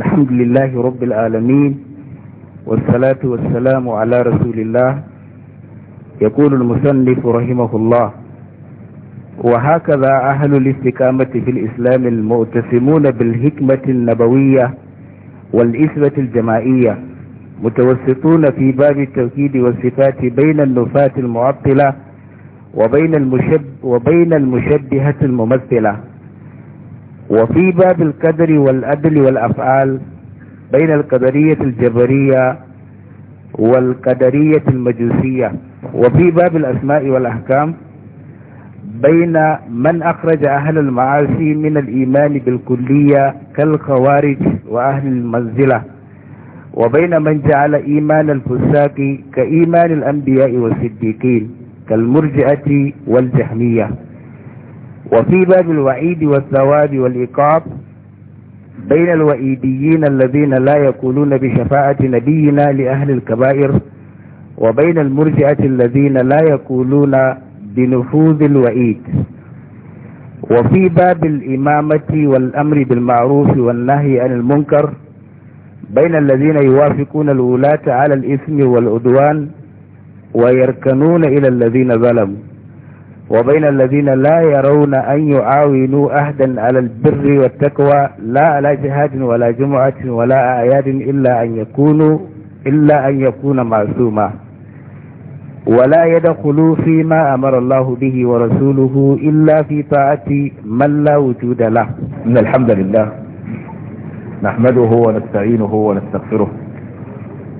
الحمد لله رب العالمين والصلاة والسلام على رسول الله يقول المسنف رحمه الله وهكذا أهل الاستقامة في الإسلام المؤتسمون بالحكمة النبوية والإثبة الجماعية متوسطون في باب التوحيد والصفات بين النفاة المعطلة وبين, المشب وبين المشبهة الممثلة وفي باب القدر والأدل والأفعال بين القدرية الجبرية والقدرية المجوسية وفي باب الأسماء والأحكام بين من أخرج أهل المعاصي من الإيمان بالكلية كالخوارج وأهل المنزلة وبين من جعل إيمان الفساق كإيمان الأنبياء والصديقين كالمرجئة والجهمية وفي باب الوعيد والثواب والإيقاف بين الوئيديين الذين لا يقولون بشفاعة نبينا لأهل الكبائر وبين المرجئة الذين لا يقولون بنفوذ الوئيد وفي باب الإمامة والأمر بالمعروف والنهي عن المنكر بين الذين يوافقون الولاة على الإثم والعدوان ويركنون إلى الذين ظلموا وبين الذين لا يرون أن يعاونوا أهدا على البر والتقوى لا على جهاد ولا جمعة ولا أعياد إلا أن يكونوا إلا أن يكون معصوما ولا يدخلوا فيما أمر الله به ورسوله إلا في طاعة من لا وجود له إن الحمد لله نحمده ونستعينه ونستغفره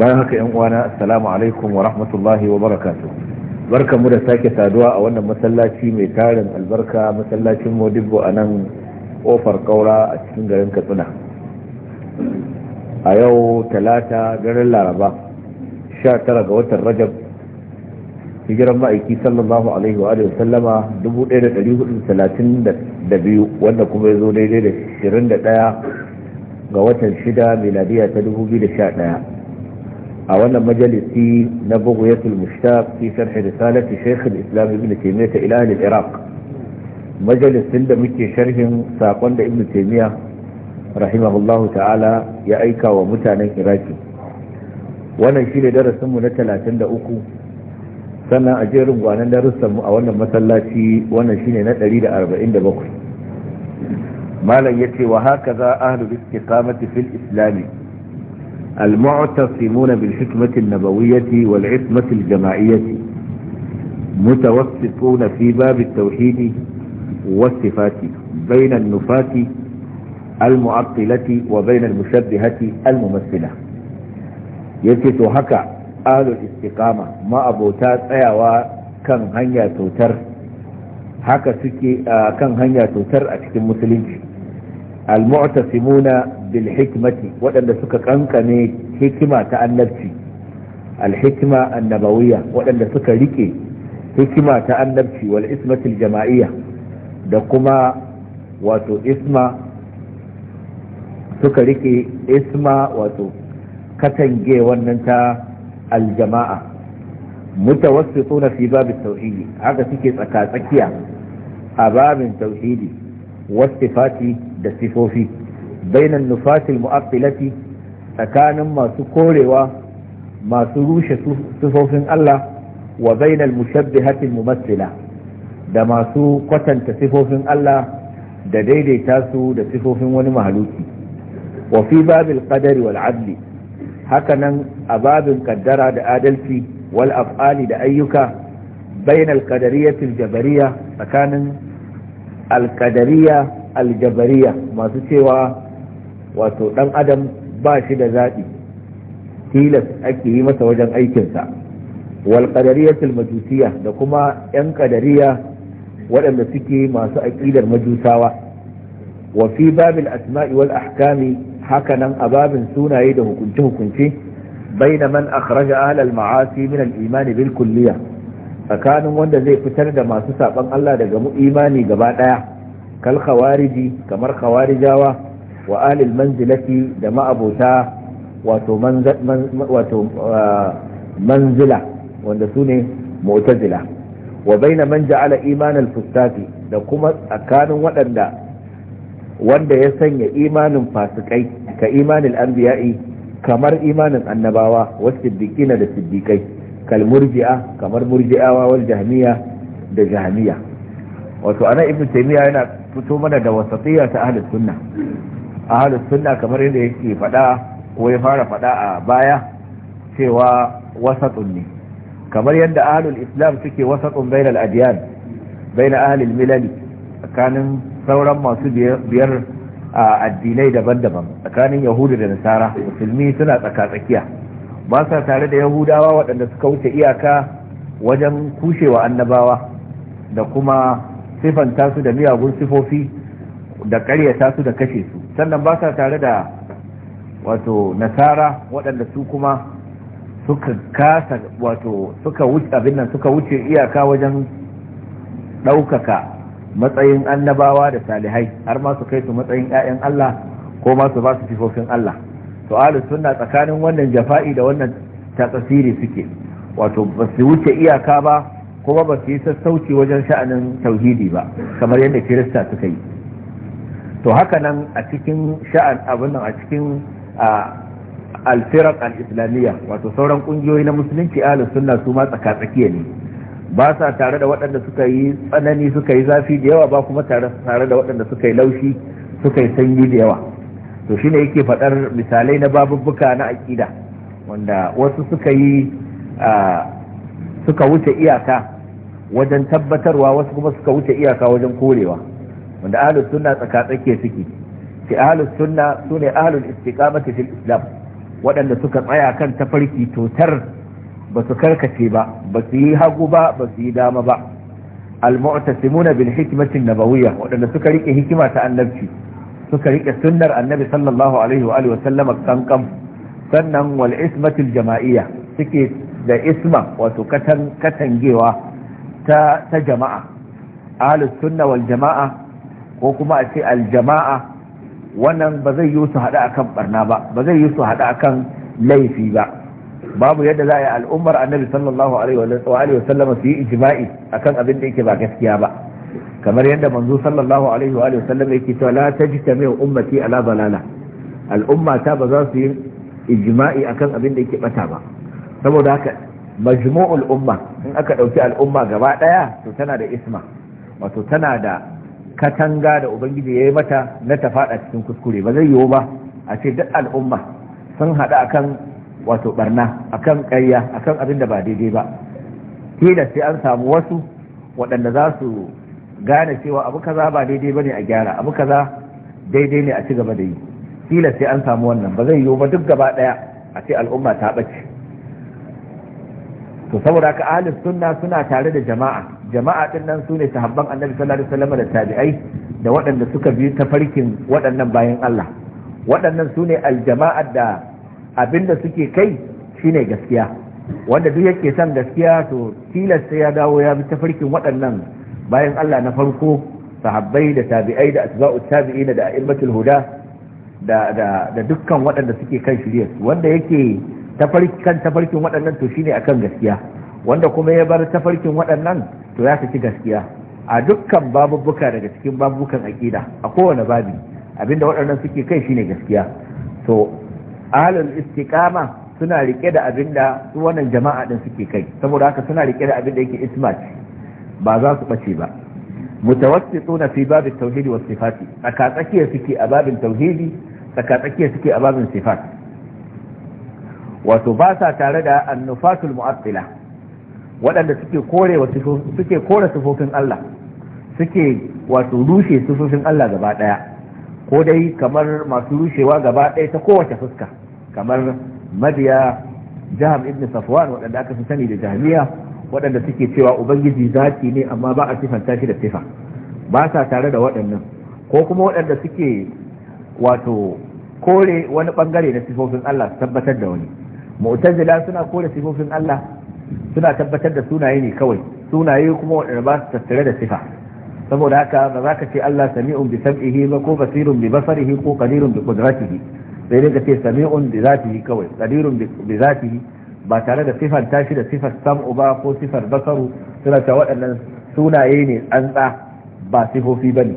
bayan haka yan uwana assalamu alaikum wa rahmatullahi wa barakatuh barkamu da sake saduwa a wannan masallaci mai tarin albarka masallacin modibbo a nan kofar kaura a cikin garin katsina a yau talata garin laraba 19 ga watan rajab hijiran ma'aiki sallallahu alaihi wa sallama 1432 wanda kuma ya zo daidai da 21 ga watan 6 miladiya ta 2011 a wannan majalisi na bughyatul mushtaq fi sharh risalati shaykh al-islam ibn taymiyyah ila al-iraq majalisin da muke sharhin sakon da ibn taymiyyah rahimahullahu ta'ala ya aika wa mutanen iraki wannan shi ne darasinmu na 33 sannan a jerin gwanan darussanmu a wannan masallaci wannan shi ne na 147 malam ya ce wa haka za ahlul istiqamati fil islami المعتصمون بالحكمة النبوية والعصمة الجماعية متوسطون في باب التوحيد والصفات بين النفاة المعطلة وبين المشبهة الممثلة يجد هكا أهل الاستقامة ما أبوتات أيوا كان هنيا توتر هكا سكي كان هنيا توتر أكتم مسلمين almu'tasimuna bil hikmati waɗanda suka kankane hikima ta annabci alhikma annabawiya waɗanda suka rike hikima ta annabci wal ismatil jama'iyya da kuma wato isma suka rike isma wato katange wannan ta aljama'a mutawassituna fi babin tauhidi haka suke tsaka tsakiya a babin tauhidi wasifati da sifofi bainan nufasil mu'attilati tsakanin masu korewa masu rushe sifofin Allah wa bainal mushabbihatil mumassila da masu kwatanta sifofin Allah da daidaita su da sifofin wani mahaluki wa fi babil qadari wal adli hakanan a babin kaddara da adalci wal af'ali da ayyuka bainal qadariyatil jabariya tsakanin al algabariya masu cewa wato dan adam ba shi da zaɓi tilas ake yi masa wajen aikinsa wal qadariyatul majusiya da kuma yan ƙadariya waɗanda suke masu aƙidar majusawa wa fi babil asma'i wal ahkami hakanan a babin sunaye da hukunce hukunce baina man akhraja ahlal ma'asi min al imani bil tsakanin wanda zai fitar da masu saɓan Allah daga imani gaba ɗaya. kal khawariji kamar khawarijawa wa alil manzilati da ma'abota wato ah, manzila wanda su ne mu'tazila wa baina man ja'ala imanal fustati da kuma tsakanin waɗanda wanda ya sanya imanin fasikai ka imanin anbiya'i kamar imanin annabawa wasu siddiqina da siddiqai kal murji'a kamar murji'awa wal jahmiya da jahmiya wato ana ibnu taymiya yana fito mana da wasatiyya ta ahlus sunna ahlus sunna kamar yadda yake fada ko ya fara fada a baya cewa wasatun ne kamar yadda ahlul islam suke wasatun bainal adyan bain ahlil milali tsakanin sauran masu biyar addinai daban-daban tsakanin yahudu da nasara musulmi suna tsaka-tsakiya ba sa tare da yahudawa waɗanda suka wuce iyaka wajen kushewa annabawa da kuma sifanta su da miyagun sifofi da karyata su da kashe su sannan ba sa tare da wato nasara waɗanda su kuma suka kasa wato suka wuce abin nan suka wuce iyaka wajen ɗaukaka matsayin annabawa da salihai har ma su kai su matsayin 'ya'yan Allah ko ma su ba su sifofin Allah to alu sunna tsakanin wannan jafa'i da wannan tasiri suke wato ba su wuce iyaka ba kuma ba su yi sassauci wajen sha'anin tauhidi ba kamar yadda kirista suka yi to haka nan a cikin sha'an abin nan a cikin alfirar al-islamiyya wato sauran kungiyoyi na musulunci ahlus sunna su ma tsakatsakiya ne ba sa tare da waɗanda suka yi tsanani suka yi zafi da yawa ba kuma tare da waɗanda suka yi laushi suka yi sanyi da yawa to shine yake faɗar misalai na babubbuka na aƙida wanda wasu suka yi suka wuce iyaka wajen tabbatarwa wasu kuma suka wuce iyaka wajen korewa wanda ahlus sunna tsakatsake suke ce ahlus sunna sune ahlul istiqamati fil islam waɗanda suka tsaya kan tafarki totar ba su karkace ba ba su yi hagu ba ba su yi dama ba al-mu'tasimuna bil hikmati nabawiyya waɗanda suka rike hikima ta annabci suka rike sunnar annabi sallallahu alaihi wa alihi wa sallama kankan sannan wal ismatil jama'iyya suke da isma wato katangewa ta jama'a ahlus sunna wal jama'a ko kuma a ce aljama'a wannan ba zai yi su hada akan barna ba ba zai yi su hada akan laifi ba babu yadda za a yi al'ummar annabi sallallahu alaihi wa sallama su yi ijma'i akan abin da yake ba gaskiya ba kamar yadda manzo sallallahu alaihi wa sallama yake cewa la tajtami'u ummati ala balala al'umma ta ba za su yi ijma'i akan abin da yake bata ba saboda haka majmu'ul umma in aka ɗauki al'umma gaba ɗaya to tana da isma wato tana da katanga da ubangiji ya yi mata na ta faɗa cikin kuskure ba zai yiwu ba a ce duk al'umma sun haɗu akan wato barna akan ƙarya akan abin da ba daidai ba tilas sai an samu wasu waɗanda za su gane cewa abu kaza ba daidai bane a gyara abu kaza daidai ne a ci gaba da yi tilas sai an samu wannan ba zai yiwu ba duk gaba daya a ce al'umma ta bace to saboda ka ahlus sunna suna tare da jama'a jama'a din nan sune sahabban annabi sallallahu alaihi wasallam da tabi'ai da waɗanda suka bi ta farkin waɗannan bayan Allah waɗannan sune aljama'a da abinda suke kai shine gaskiya wanda duk yake son gaskiya to tilasta ya dawo ya bi ta farkin waɗannan bayan Allah na farko sahabbai da tabi'ai da asba'u tabi'ina da a'immatul huda da da dukkan waɗanda suke kan shiriyar wanda yake kan tafarkin waɗannan to shine akan gaskiya wanda kuma ya bar tafarkin waɗannan to ya saki gaskiya a dukkan babubuka daga cikin babubukan aƙida a kowane babi abinda waɗannan suke kai shine gaskiya to ahlul istiqama suna rike da abinda su wannan jama'a din suke kai saboda haka suna rike da abinda yake ismat ba za su bace ba mutawassituna fi babin tauhidi was sifati tsaka tsakiya suke a babin tauhidi tsaka tsakiya suke a babin sifati wato ba sa tare da annufatul mu'attila waɗanda suke kore suke sufofin Allah suke wato rushe sufofin Allah gaba ɗaya ko dai kamar masu rushewa gaba ɗaya ta kowace fuska kamar madiya jaham ibn safwan waɗanda aka fi sani da jahmiya waɗanda suke cewa ubangiji zaki ne amma ba a sifanta shi da sifa ba sa tare da waɗannan ko kuma waɗanda suke wato kore wani bangare na sifofin Allah su tabbatar da wani mu'tazila suna kore sifofin Allah suna tabbatar da sunaye ne kawai sunaye kuma waɗanda ba su tattare da sifa saboda haka ba za ka ce Allah sami'un bi sam'ihi ba ko basirun bi basarihi ko qadirun bi qudratihi sai dai ka ce sami'un bi zatihi kawai qadirun bi zatihi ba tare da sifar tashi da sifar sam'u ba ko sifar basaru suna ta waɗannan sunaye ne tsantsa ba sifofi ba ne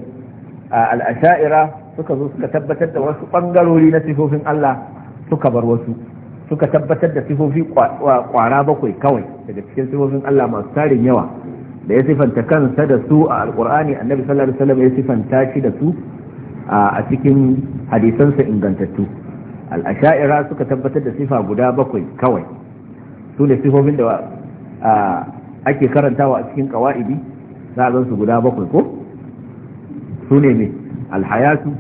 a al'asha'ira suka zo suka tabbatar da wasu ɓangarori na sifofin Allah suka bar wasu suka tabbatar da sifofi kwara bakwai kawai daga cikin sifofin Allah masu tarin yawa da ya sifanta kansa da su a alkur'ani annabi sallallahu alaihi wasallam ya sifanta shi da su a cikin hadisansa ingantattu al'asha'ira suka tabbatar da sifa guda bakwai kawai su ne sifofin da ake karantawa a cikin kawa'idi za a su guda bakwai ko su ne ne alhayatu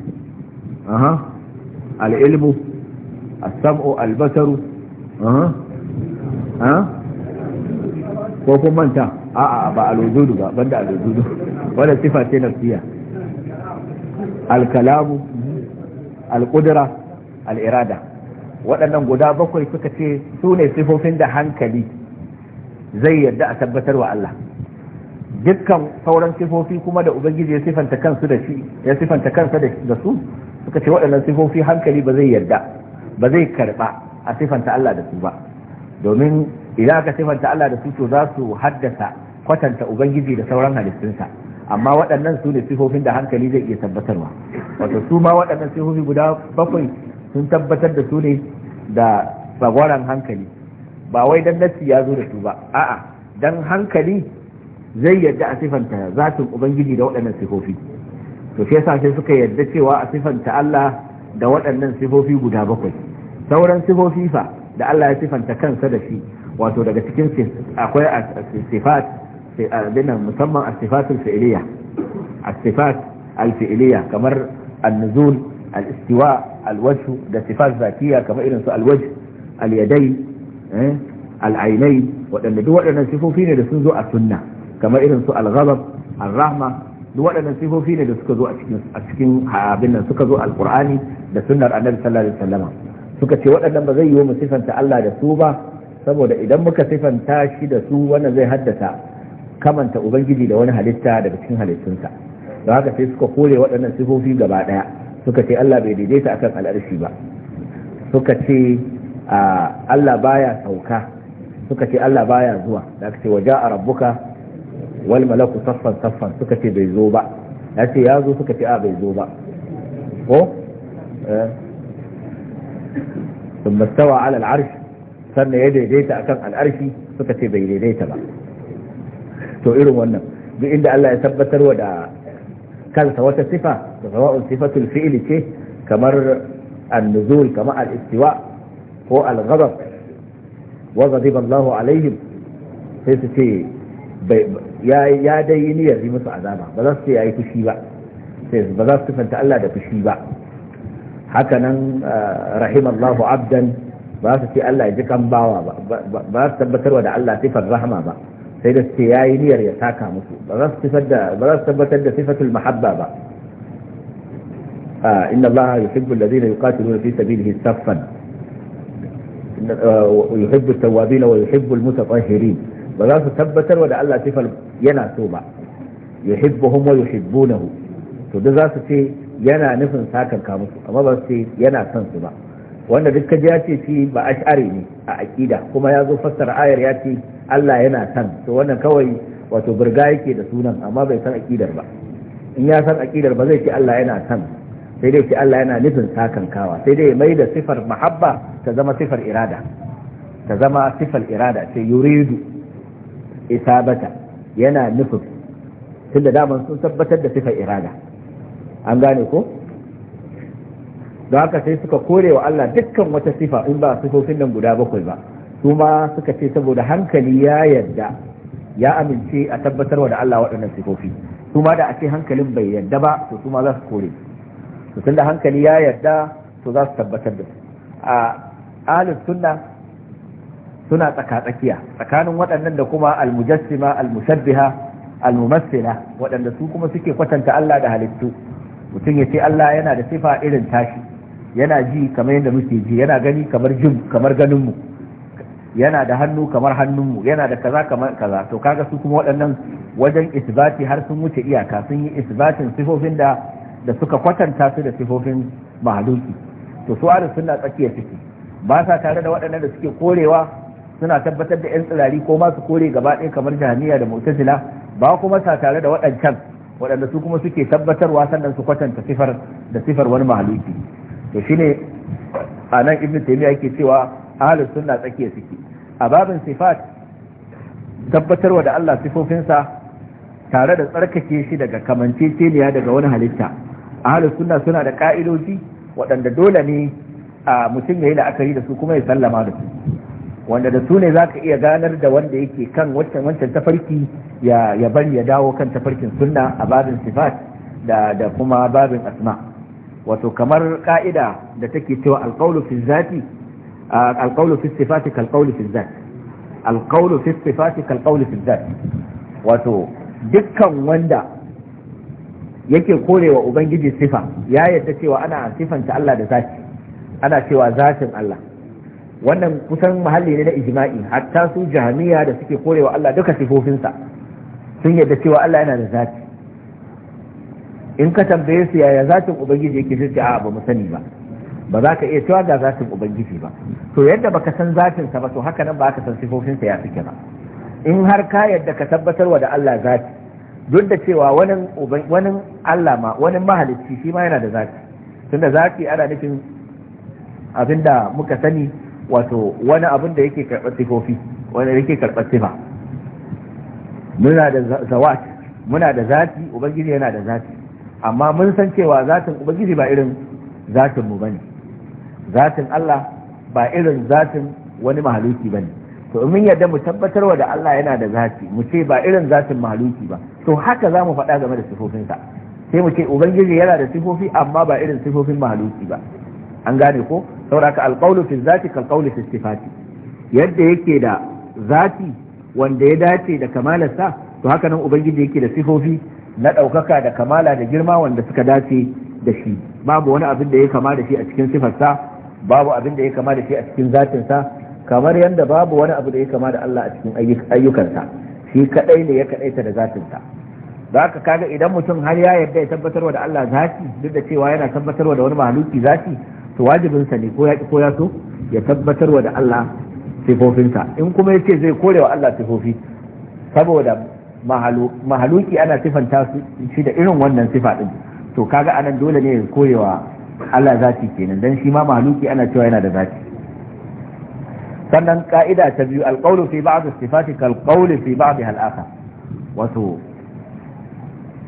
al'ilmu as-sam'u al ko kuma manta a'a ba al ba banda al-wujudu wala sifa ce nafsiya al-kalamu al-qudra waɗannan guda bakwai suka ce su ne sifofin da hankali zai yadda a tabbatar wa Allah dukkan sauran sifofi kuma da ubangiji ya sifanta ya sifanta kansa da su suka ce waɗannan sifofi hankali ba zai yadda ba zai karba a sifanta Allah da su ba domin idan aka sifanta Allah da su to za su haddasa kwatanta ubangiji da sauran halittunsa amma waɗannan su ne sifofin da hankali zai iya tabbatarwa wato su ma waɗannan sifofi guda bakwai sun tabbatar da su ne da tsagwaron hankali ba wai dan nassi ya zo da su ba a'a dan hankali zai yadda a sifanta zatin ubangiji da waɗannan sifofi to shi yasa sai suka yadda cewa a sifanta Allah da waɗannan sifofi guda bakwai sauran sifofi fa da Allah ya sifanta kansa da shi wato daga cikin akwai sifat binan musamman asifatul fi'liya asifat alfi'liya kamar annuzul al-istiwa da sifat zatiya kamar irin su alwajh alyadai eh, al'ainai waɗanda duk waɗannan sifofi ne da sun zo a sunna kamar irin su al-ghadab al-rahma duk waɗannan sifofi ne da suka zo a cikin abin nan suka zo alkur'ani da sunnar annabi sallallahu alaihi wasallam suka ce waɗannan ba zai yi mu sifanta Allah da su ba saboda idan muka sifanta shi da su wannan zai haddasa kamanta ubangiji da wani halitta daga cikin halittunsa don haka sai suka kore waɗannan sifofi gaba ɗaya suka ce Allah bai daidaita akan al'arshi ba suka ce ah, Allah baya sauka suka ce Allah baya zuwa da ce waja a rabbuka wal malaku saffan saffan suka ce bai zo ba ya ce ya zo suka ce a bai zo ba ko sun eh. mastawa ala al'arshi sannan ya daidaita akan al'arshi suka ce bai daidaita ba to irin wannan duk inda Allah ya tabbatar wa da kansa wata sifa da sawa'un sifatul fi'li ce kamar al nuzul kamar al-istiwa ko al-ghadab wa ghadiba Allahu alaihim sai su ce ya dai yi niyyar yi musu azaba ba za su yi fushi ba ba za su sifanta Allah da fushi ba haka nan rahimallahu abdan ba su ce Allah ya ji kan bawa ba ba su tabbatarwa da Allah sifar rahama ba sai da su ce ya yi niyyar ya saka musu ba za su tabbatar da sifatul mahabba ba inna Allah yuhibbu alladhina yuqatiluna fi sabilihi saffan yuhibbu at-tawwabin wa yuhibbu al-mutatahhirin ba za su tabbatar da Allah sifar yana so ba yuhibbuhum wa yuhibbunahu to duk za su ce yana nufin sakan ka musu amma ba su ce yana son su ba wanda duk ka ya ce shi ba ash'ari ne a aqida kuma ya zo fassara ayar ya ce Allah yana son to wannan kawai wato burga yake da sunan amma bai san akidar ba in ya san aƙidar ba zai ce Allah yana son sai dai ce Allah yana nufin sakan kawa sai dai mai da sifar mahabba ta zama sifar irada ta zama sifar irada ce yuridu isabata yana nufin tunda daman sun tabbatar da sifar irada an gane ko don haka sai suka kore wa Allah dukkan wata sifa in ba sifofin nan guda bakwai ba su ma suka ce saboda hankali ya yarda ya amince a tabbatarwa da Allah waɗannan sifofi su ma da a ce hankalin bai yarda ba to su ma za su kore tunda hankali ya yarda to za su tabbatar da a sunna suna tsakatsakiya tsakanin waɗannan da kuma almujassima almushabbiha almumassila waɗanda su kuma suke kwatanta Allah da halittu mutum ya ce Allah yana da sifa irin tashi yana ji kamar yadda muke ji yana gani kamar jin kamar ganin mu yana da hannu kamar hannunmu yana da kaza kamar kaza to kaga su kuma waɗannan wajen isbati har sun wuce iyaka sun yi isbatin sifofin da da suka kwatanta su da sifofin mahaluki to su ahlus sunna tsakiya ciki ba sa tare da waɗannan da suke korewa suna tabbatar da yan tsirari ko masu kore gaba ɗaya kamar jami'a da mu'tazila ba kuma sa tare da waɗancan waɗanda su kuma suke tabbatarwa sannan su kwatanta sifar da sifar wani mahaluki to shine a nan ibn taymiya yake cewa ahlus sunna tsakiya suke a babin sifat tabbatarwa da Allah sifofinsa tare da tsarkake shi daga kamanceceniya daga wani halitta ahlus sunna suna da ka'idoji waɗanda dole ne a mutum ya la'akari da su kuma ya sallama da su wanda da su ne za ka iya ganar da wanda yake kan wancan tafarki ya bari ya dawo kan tafarkin sunna a babin sifat da kuma babin asma wato kamar ka'ida da take cewa alƙaulu fi zati alƙaulu fi sifati kalƙaulu fi zati alƙaulu fi sifati fi zati wato dukkan wanda yake korewa ubangiji sifa ya yadda cewa ana sifanta Allah da zati ana cewa zatin Allah wannan kusan muhalli ne na ijma'i hatta su jahamiya da suke korewa Allah duka sifofinsa sun yadda cewa Allah yana da zati in ka tambaye su yaya zatin ubangiji yake sai a ba mu sani ba ba za ka iya cewa ga zatin ubangiji ba to yadda baka san zatin sa ba to haka nan ba ka san sifofinsa ya suke ba in har ka yadda ka tabbatarwa da Allah zati duk da cewa wani wani Allah ma wani mahalicci shi ma yana da zati tunda zati ana nufin abinda muka sani wato wani abin da yake karɓar sifofi wani yake karɓar sifa muna da zawat muna da zati ubangiji yana da zati amma mun san cewa zatin ubangiji ba irin zatin mu bane zatin Allah ba irin zatin wani mahaluki bane to in mun yarda mu wa da Allah yana da zati mu ce ba irin zatin mahaluki ba to haka za mu faɗa game da sifofinsa sai mu ce ubangiji yana da sifofi amma ba irin sifofin mahaluki ba an gane ko saboda alqawlu fi zati kal qawli fi sifati yadda yake da zati wanda ya dace da kamalarsa to haka nan ubangiji yake da sifofi na ɗaukaka da kamala da girma wanda suka dace da shi babu wani abin da ya kama da shi a cikin sifarsa babu abin da ya kama da shi a cikin zatinsa kamar yadda babu wani abu da ya kama da Allah a cikin ayyukansa shi kadai ne ya kadaita da zatinsa za ka kaga idan mutum har ya yarda ya tabbatarwa da Allah zati duk da cewa yana tabbatarwa da wani mahaluki zati to wajibinsa ne ko ya ki ko ya so ya tabbatar wa da Allah sifofinsa in kuma ya ce zai korewa Allah sifofi saboda mahaluki ana sifanta su shi da irin wannan sifa din to kaga anan dole ne ya korewa Allah zati kenan dan shi ma mahaluki ana cewa yana da zati sannan ka'ida ta biyu alqawlu fi ba'd sifati kal qawli fi ba'dha al akhar wato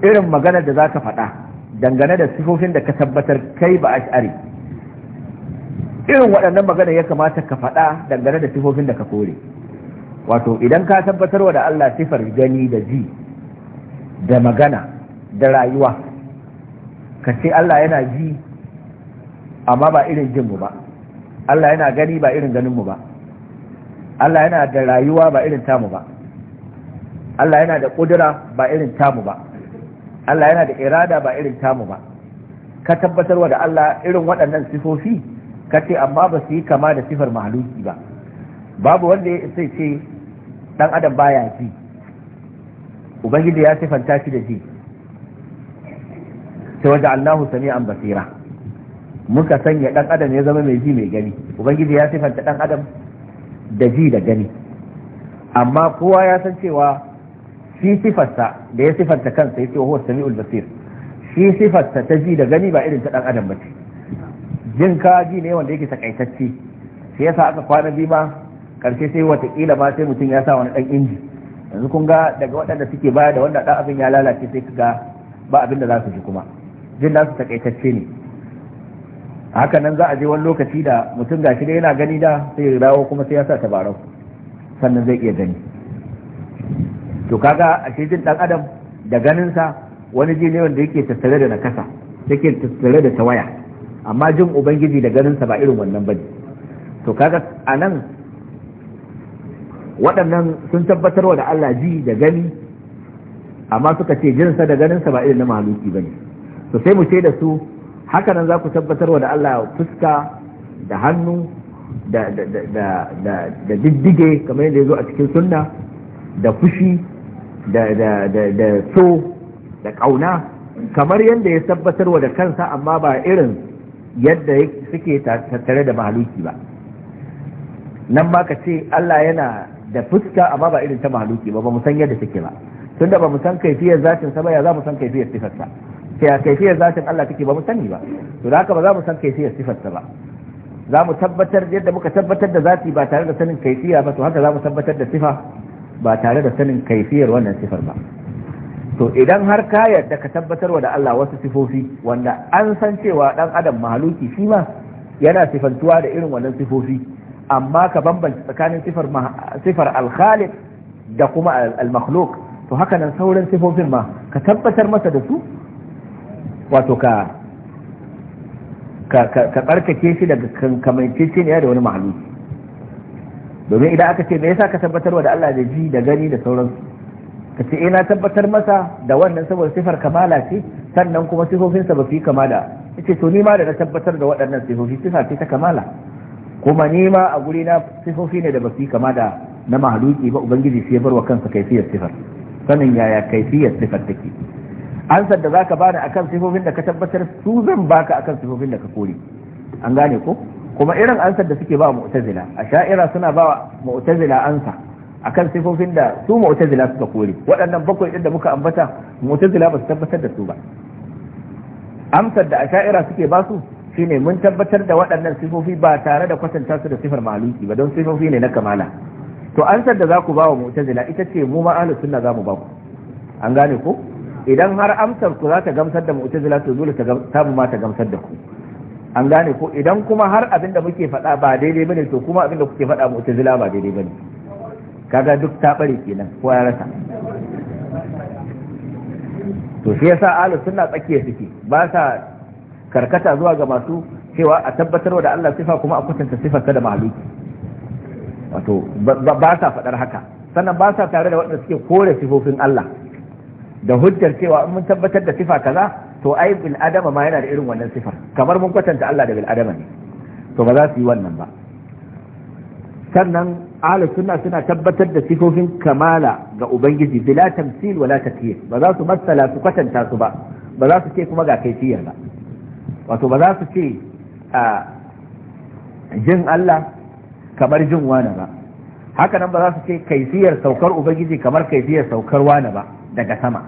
irin magana da zaka faɗa dangane da sifofin da ka tabbatar kai ba ash'ari irin waɗannan magana ya kamata ka faɗa dangane da sifofin da ka kore wato idan ka tabbatarwa da Allah sifar gani da ji da magana da rayuwa ka ce Allah yana ji amma ba irin jinmu ba Allah yana gani ba irin ganinmu ba Allah yana da rayuwa ba irin tamu ba Allah yana da ƙudura ba irin tamu ba Allah yana da irada ba irin tamu ba ka tabbatarwa da Allah irin waɗannan sifofi kace amma ba su yi kama da sifar mahaluki ba babu wanda ya sai ce dan adam baya ji ubangiji ya sifanta shi da ji sai wajen allahu an basira muka sanya dan adam ya zama mai ji mai gani ubangiji ya sifanta dan adam da ji da gani amma kowa ya san cewa shi sifarsa da ya sifanta kansa ya ce wa huwa sami'ul basir shi sifarsa ta ji da gani ba irin ta dan adam ba ce jin kaji ne wanda yake takaitacce shi yasa aka kwana biyu ma karshe sai watakila ma sai mutum ya sa wani dan inji yanzu kun ga daga waɗanda suke baya da wanda dan abin ya lalace sai ga ba abin da za su ji kuma jin nasu takaitacce ne haka nan za a je wani lokaci da mutum gashi dai yana gani da sai ya dawo kuma sai ya sa tabarau sannan zai iya gani to kaga a jin dan adam da ganin sa wani ji ne wanda yake tattare da nakasa yake tattare da tawaya amma jin ubangiji da ganinsa ba irin wannan bane to kaga a nan waɗannan sun tabbatarwa da Allah ji da gani amma suka ce jinsa da ganinsa ba irin na mahaluki bane to sai mu ce da su haka nan za ku tabbatarwa da Allah fuska da hannu da diddige kamar yadda ya zo a cikin sunna da fushi da so da ƙauna kamar yadda ya tabbatarwa da kansa amma ba irin yadda suke tattare da mahaluki ba nan ba ka ce Allah yana da fuska amma ba irin ta mahaluki ba ba mu san yadda take ba tunda ba mu san kaifiyar zatin sa ba ya za mu san kaifiyar sifarsa sai a kaifiyar zatin Allah take ba mu sani ba to da haka ba za mu san kaifiyar sifarsa ba za mu tabbatar yadda muka tabbatar da zati ba tare da sanin kaifiya ba to haka za mu tabbatar da sifa ba tare da sanin kaifiyar wannan sifar ba to idan har ka yarda ka tabbatarwa da Allah wasu sifofi wanda an san cewa dan adam mahaluki shi ma yana sifantuwa da irin wannan sifofi amma ka bambanta tsakanin sifar sifar al-khaliq da kuma al-makhluq to haka nan sauran sifofin ma ka tabbatar masa da su wato ka ka tsarkake shi daga ne da wani mahaluki domin idan aka ce me yasa ka tabbatarwa da Allah da ji da gani da sauransu ka ce ina eh, tabbatar masa da wannan saboda sifar kamala ce sannan kuma sifofinsa ba fi yi kamala ce to nima da na tabbatar da waɗannan sifofi sifa ce ta kamala kuma nima a guri na sifofi ne da ba fi kamala na mahaluki ba ubangiji sai barwa kansa kaifiyar sifar sanin yaya kaifiyar sifar take ansar da zaka bani akan sifofin da ka tabbatar su zan baka akan sifofin da ka kore an gane ko kuma irin ansar da suke ba mu'tazila a sha'ira suna ba mu'tazila ansa akan sifofin da su mu'tazila suka kore waɗannan bakwai ɗin da muka ambata mu'tazila ba su tabbatar da su ba amsar da asha'ira suke ba su shine mun tabbatar da waɗannan sifofi ba tare da kwatanta su da sifar maluki ba don sifofi ne na kamala to ansar da za ku ba wa mu'tazila ita ce mu ma ahlus sunna za mu ba ku an gane ko idan har amsar ku za ta gamsar da mu'tazila to dole ta ma ta gamsar da ku an gane ko idan kuma har abin da muke faɗa ba daidai bane to kuma abin da kuke faɗa mu'tazila ba daidai bane kaga duk ta bare kenan ko ya rasa to shi yasa ahlus sunna tsakiya suke ba sa karkata zuwa ga masu cewa a tabbatarwa da Allah sifa kuma a kwatanta sifarsa da mahaluki wato ba sa faɗar haka sannan ba sa tare da waɗanda suke kore sifofin Allah da hujjar cewa in mun tabbatar da sifa kaza to ai bil adama ma yana da irin wannan sifar kamar mun kwatanta Allah da bil adama ne to ba za su yi wannan ba sannan ahlus sunna suna tabbatar da sifofin kamala ga ubangiji bila tamsil wala takyif ba za su matsala su kwatanta su ba ba za su ce kuma ga kaifiyar ba wato ba za su ce a jin Allah kamar jin wani ba haka nan ba za su ce kaifiyar saukar ubangiji kamar kaifiyar saukar wani ba daga sama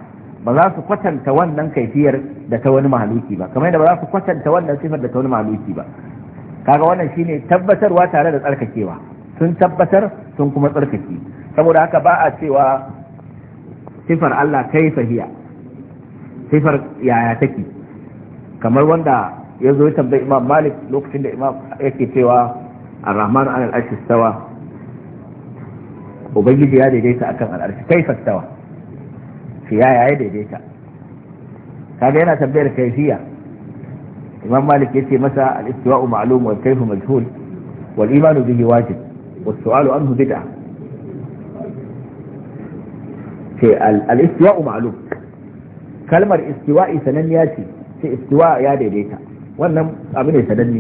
ba za su kwatanta wannan kaifiyar da ta wani mahaluki ba kamar yadda ba za su kwatanta wannan sifar da ta wani mahaluki ba kaga wannan shine tabbatarwa tare da tsarkakewa sun tabbatar sun kuma tsarkake saboda haka ba a cewa sifar Allah kai sahiya sifar yaya take kamar wanda ya zo tambayi imam malik lokacin da imam yake cewa ar-rahman an al-arshi stawa ubangiji ya daidaita akan al'arshi arshi kai stawa shi yaya ya daidaita kaga yana tambayar kaifiya imam malik ya ce masa al-istiwa'u ma'lum wal kayfu majhul wal imanu bihi wajib والسؤال عنه بدعة في الاستواء معلوم kalmar istiwa'i sananniya ce sai istiwa ya daidaita wannan abu ne sananne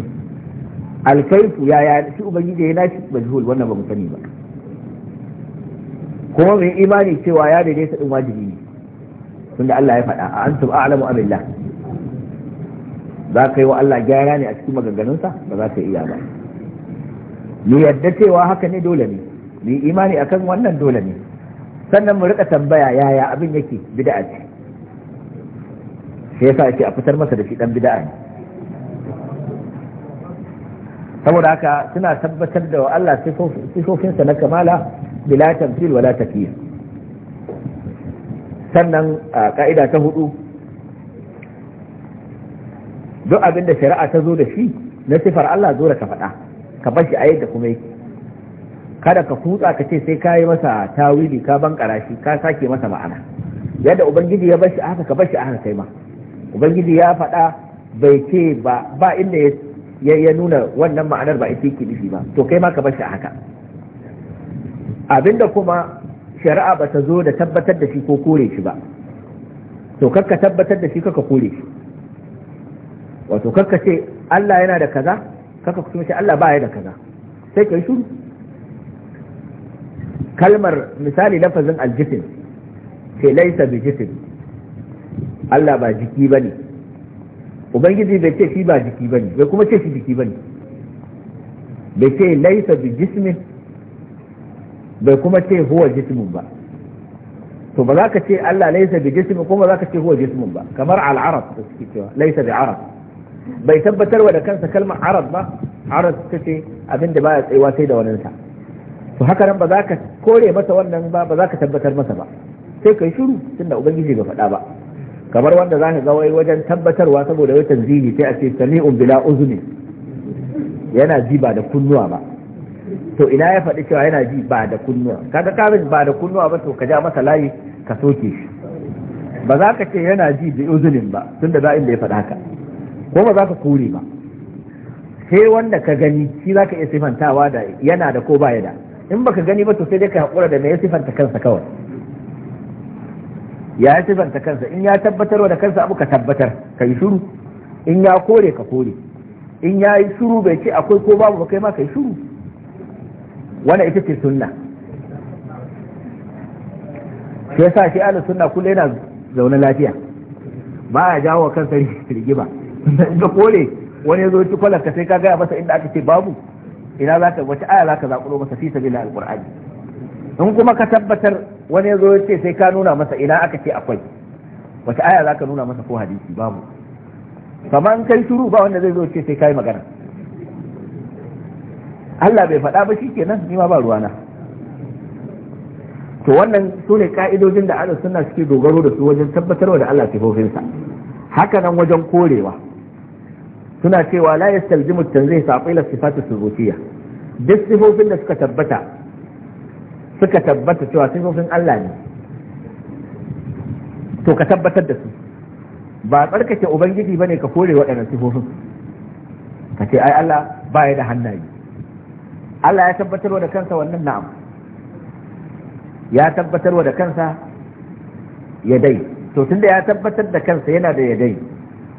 alkaifu ya ya shi ubangiji ya nashi majhul wannan ba mu sani ba kuma mai imani cewa ya daidaita din wajibi ne tunda Allah ya faɗa a antum a'lamu am za ka yi wa Allah gyara ne a cikin maganganunsa ba za ka iya ba mu yadda cewa haka ne dole ne mu imani akan wannan dole ne sannan mu rika tambaya yaya abin yake bid'a ce sai yasa yake a fitar masa da shi dan bid'a ne saboda haka suna tabbatar da wa Allah sa na kamala bila tamthil wala takyif sannan a ka'ida ta hudu duk abin da shari'a ta zo da shi na sifar Allah zo da ka faɗa ka bashi a yadda kuma yake kada ka kutsa ka ce sai ka yi masa tawili ka ban karashi ka sake masa ma'ana yadda ubangiji ya bashi haka ka bashi a haka kai ma ubangiji ya faɗa bai ce ba ba inda ya ya nuna wannan ma'anar ba ita yake nufi ba to kai ma ka bashi a haka abinda kuma shari'a ba ta zo da tabbatar da shi ko kore shi ba to kakka tabbatar da shi kaka kore shi wato kakka ce Allah yana da kaza kaka kuma ce Allah ba ya da kaza sai kai shuru kalmar misali lafazin aljifin ke laisa bi Allah ba jiki ba ne, ubangiji bai ce shi ba jiki ba ne, bai kuma ce shi jiki ba ne, bai ce laisa bi bai kuma ce huwa jismin ba to ba za ka ce Allah laisa bi jismin kuma za ka ce huwa jismin ba kamar al'arab da suke cewa laisa bi arab bai tabbatar wa da kansa kalmar arab ba arab ta ce abin da baya tsayuwa sai da waninsa to haka nan ba za ka kore masa wannan ba ba za ka tabbatar masa ba sai kai shiru tunda ubangiji bai faɗa ba kamar wanda za ka ga wai wajen tabbatarwa saboda wai tanzili sai a ce sami'un bila uzni yana ji ba da kunnuwa ba to ina ya faɗi cewa yana ji ba da kunnuwa kaga karin ba da kunnuwa ba to ka ja masa layi ka soke shi ba za ka ce yana ji da uzunin ba tunda da inda ya faɗa haka ko ba za ka kore ba sai wanda ka gani shi za ka iya sifantawa da yana da ko ba da in baka gani ba to sai dai ka haƙura da mai ya sifanta kansa kawai ya sifanta kansa in ya tabbatar da kansa abu ka tabbatar ka yi shuru in ya kore ka kore in ya yi shuru bai ce akwai ko babu ba kai ma ka yi shuru wannan ita ce sunna shi yasa shi ala sunna kullu yana zaune lafiya ba ya jawo kansa rigima in ka kore wani ya zo ci kwalar ka sai ka gaya masa inda aka ce babu ina za ka wace aya za ka zaƙulo masa fi na alƙur'ani in kuma ka tabbatar wani ya zo ya ce sai ka nuna masa ina aka ce akwai wace aya za ka nuna masa ko hadisi babu Kamar in kai shuru ba wanda zai zo ce sai ka yi magana Allah bai faɗa ba shi kenan ni ma ba ruwana to wannan su ne ka'idojin da ahlus suna suke dogaro da su wajen tabbatarwa da Allah sifofinsa haka nan wajen korewa suna cewa la yastalzimu tanzih ta'til sifatu thubutiyya duk sifofin da suka tabbata suka tabbata cewa sifofin Allah ne to ka tabbatar da su ba tsarkake ubangiji bane ka kore waɗannan sifofin ka ce ai Allah baya da hannaye Allah ya tabbatar da kansa wannan na'am ya tabbatar da kansa yadai to tunda ya tabbatar da kansa yana da yadai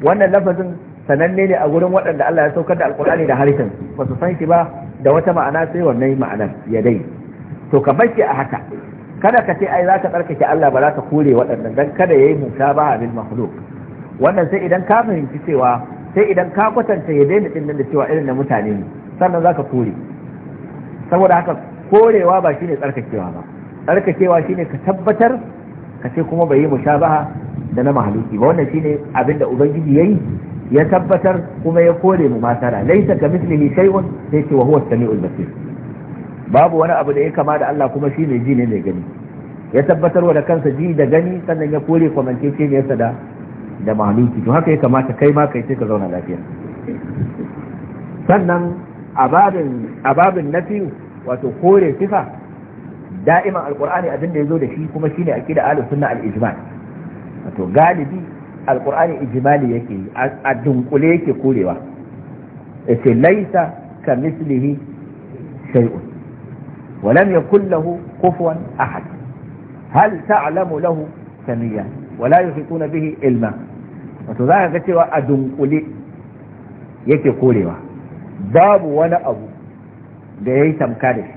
wannan lafazin sananne ne a gurin waɗanda Allah ya saukar da alkur'ani da harshen ba su san shi ba da wata ma'ana sai wannan ma'anar ya dai to ka barke a haka kada ka ce ai za ka tsarkake Allah ba za ka kore waɗannan dan kada yayi musa ba abin makhluk wannan sai idan ka fahimci cewa sai idan ka kwatanta ya daina din da cewa irin na mutane ne sannan za ka kore saboda haka korewa ba shine tsarkakewa ba tsarkakewa shine ka tabbatar ka ce kuma bai yi mushabaha da na mahaluki ba wannan shine abin da ubangiji yayi ya tabbatar kuma ya kore mu matara laisa ka mislihi shay'un sai ce wa huwa samiul basir babu wani abu da ya kama da Allah kuma shi mai ji ne mai gani ya tabbatar wa da kansa ji da gani sannan ya kore kwamance ce ne da da mahaluki to haka ya kamata kai ma kai sai ka zauna lafiya sannan a babin nafi wato kore sifa da'iman Alqur'ani abin da ya zo da shi kuma shine aqida ahlus sunna al-ijma' wato galibi alkur'ani ijimali yake yi a dunkule yake korewa yace laisa ka mislihi shay'un wa lam yakul lahu kufuwan ahad hal ta'lamu lahu samiyya wa la yuhituna bihi ilma wato za ka ga cewa a dunkule yake korewa babu wani abu da yayi tamka da shi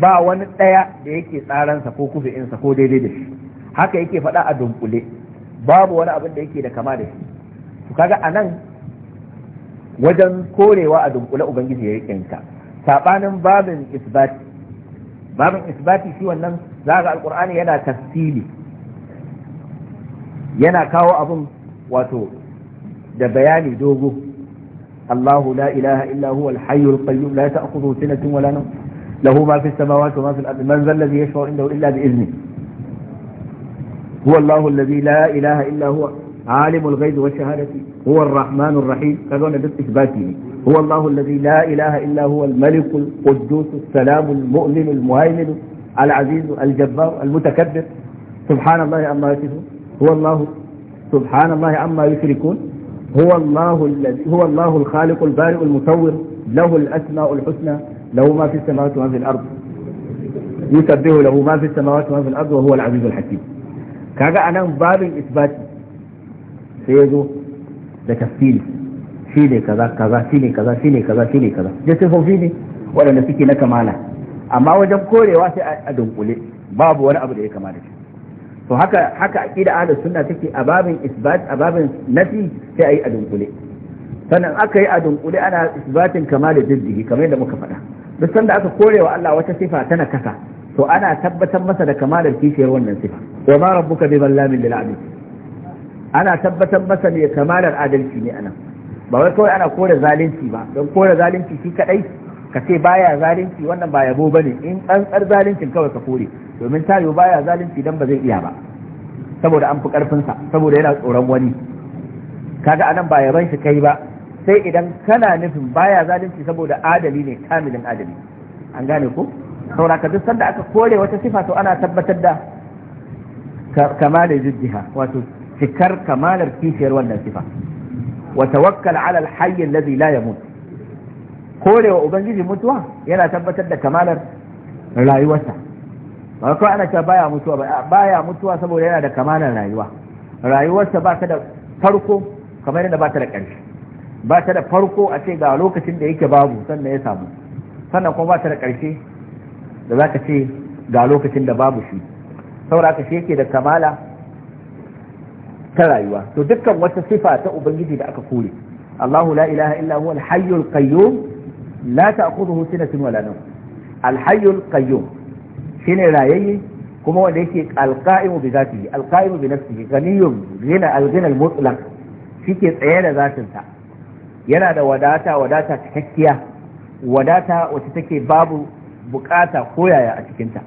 ba wani ɗaya da yake tsaransa ko kufi'insa ko daidai da shi haka yake faɗa a dunkule babu wani abin da yake da kama da shi to kaga anan wajen korewa a dunkule ubangiji ya yi ta sabanin babin isbati babin isbati shi wannan za ga alqur'ani yana tafsili yana kawo abin wato da bayani dogo الله لا إله إلا هو الحي القيوم لا تأخذه سنة ولا نوم له ما في السماوات وما في الأرض من ذا الذي يشفع عنده إلا بإذنه هو الله الذي لا إله إلا هو عالم الغيب والشهادة هو الرحمن الرحيم كذلك بس إثباتي هو الله الذي لا إله إلا هو الملك القدوس السلام المؤمن المهيمن العزيز الجبار المتكبر سبحان الله عما يصفون هو الله سبحان الله عما يشركون هو الله الذي هو الله الخالق البارئ المصور له الأسماء الحسنى له ما في السماوات وما في الأرض يسبه له ما في السماوات وما في الأرض وهو العزيز الحكيم kaga anan babin isbati sai ya zo da tafsiri shi ne kaza kaza shi ne kaza shi ne kaza shi ne kaza da sifofi ne waɗanda suke na kamala amma wajen korewa sai a dunkule babu wani abu da ya kama da shi to haka haka aqida ahlus sunna take a babin isbat a babin nafi sai ayi a dunkule sannan aka yi a dunkule ana isbatin kamali jiddihi kamar yadda muka faɗa duk sanda aka korewa Allah wata sifa tana kasa to ana tabbatar masa da kamalar kishiyar wannan sifa wa ma rabbuka bi zallamin lil abid ana tabbatar masa ne kamalar adalci ne anan ba wai kawai ana kore zalunci ba don kore zalunci shi kadai ka ce baya zalunci wannan ba yabo bane in tsar zaluncin kawai ka kore domin tayo baya zalunci dan ba zai iya ba saboda an fi karfinsa saboda yana tsoron wani kaga anan ba yaban shi kai ba sai idan kana nufin baya zalunci saboda adali ne kamilin adali an gane ko saboda ka duk sanda aka kore wata sifa to ana tabbatar da kamala jiddiha wato cikar kamalar kishiyar wannan sifa Wata tawakkal ala alhayy lazila ya yamut korewa ubangiji mutuwa yana tabbatar da kamalar rayuwarsa ba kawai ana cewa baya mutuwa baya saboda yana da kamalar rayuwa rayuwarsa ba ta da farko kamar yadda ba da ƙarshe ba da farko a ga lokacin da yake babu sannan ya samu sannan kuma bata da karshe da za ka ce ga lokacin da babu shi saboda shi yake da kamala ta rayuwa to dukkan wata sifa ta ubangiji da aka kore Allahu la ilaha illa huwa al-hayyul qayyum la ta'khudhuhu sinatun wala nawm al-hayyul qayyum shine rayayye kuma wanda yake al-qa'imu bi zatihi al-qa'imu bi nafsihi ghaniyun ghina al-ghina al-mutlaq shike tsaye da zatinsa yana da wadata wadata cikakkiya wadata wacce take babu bukata koyaya a cikinta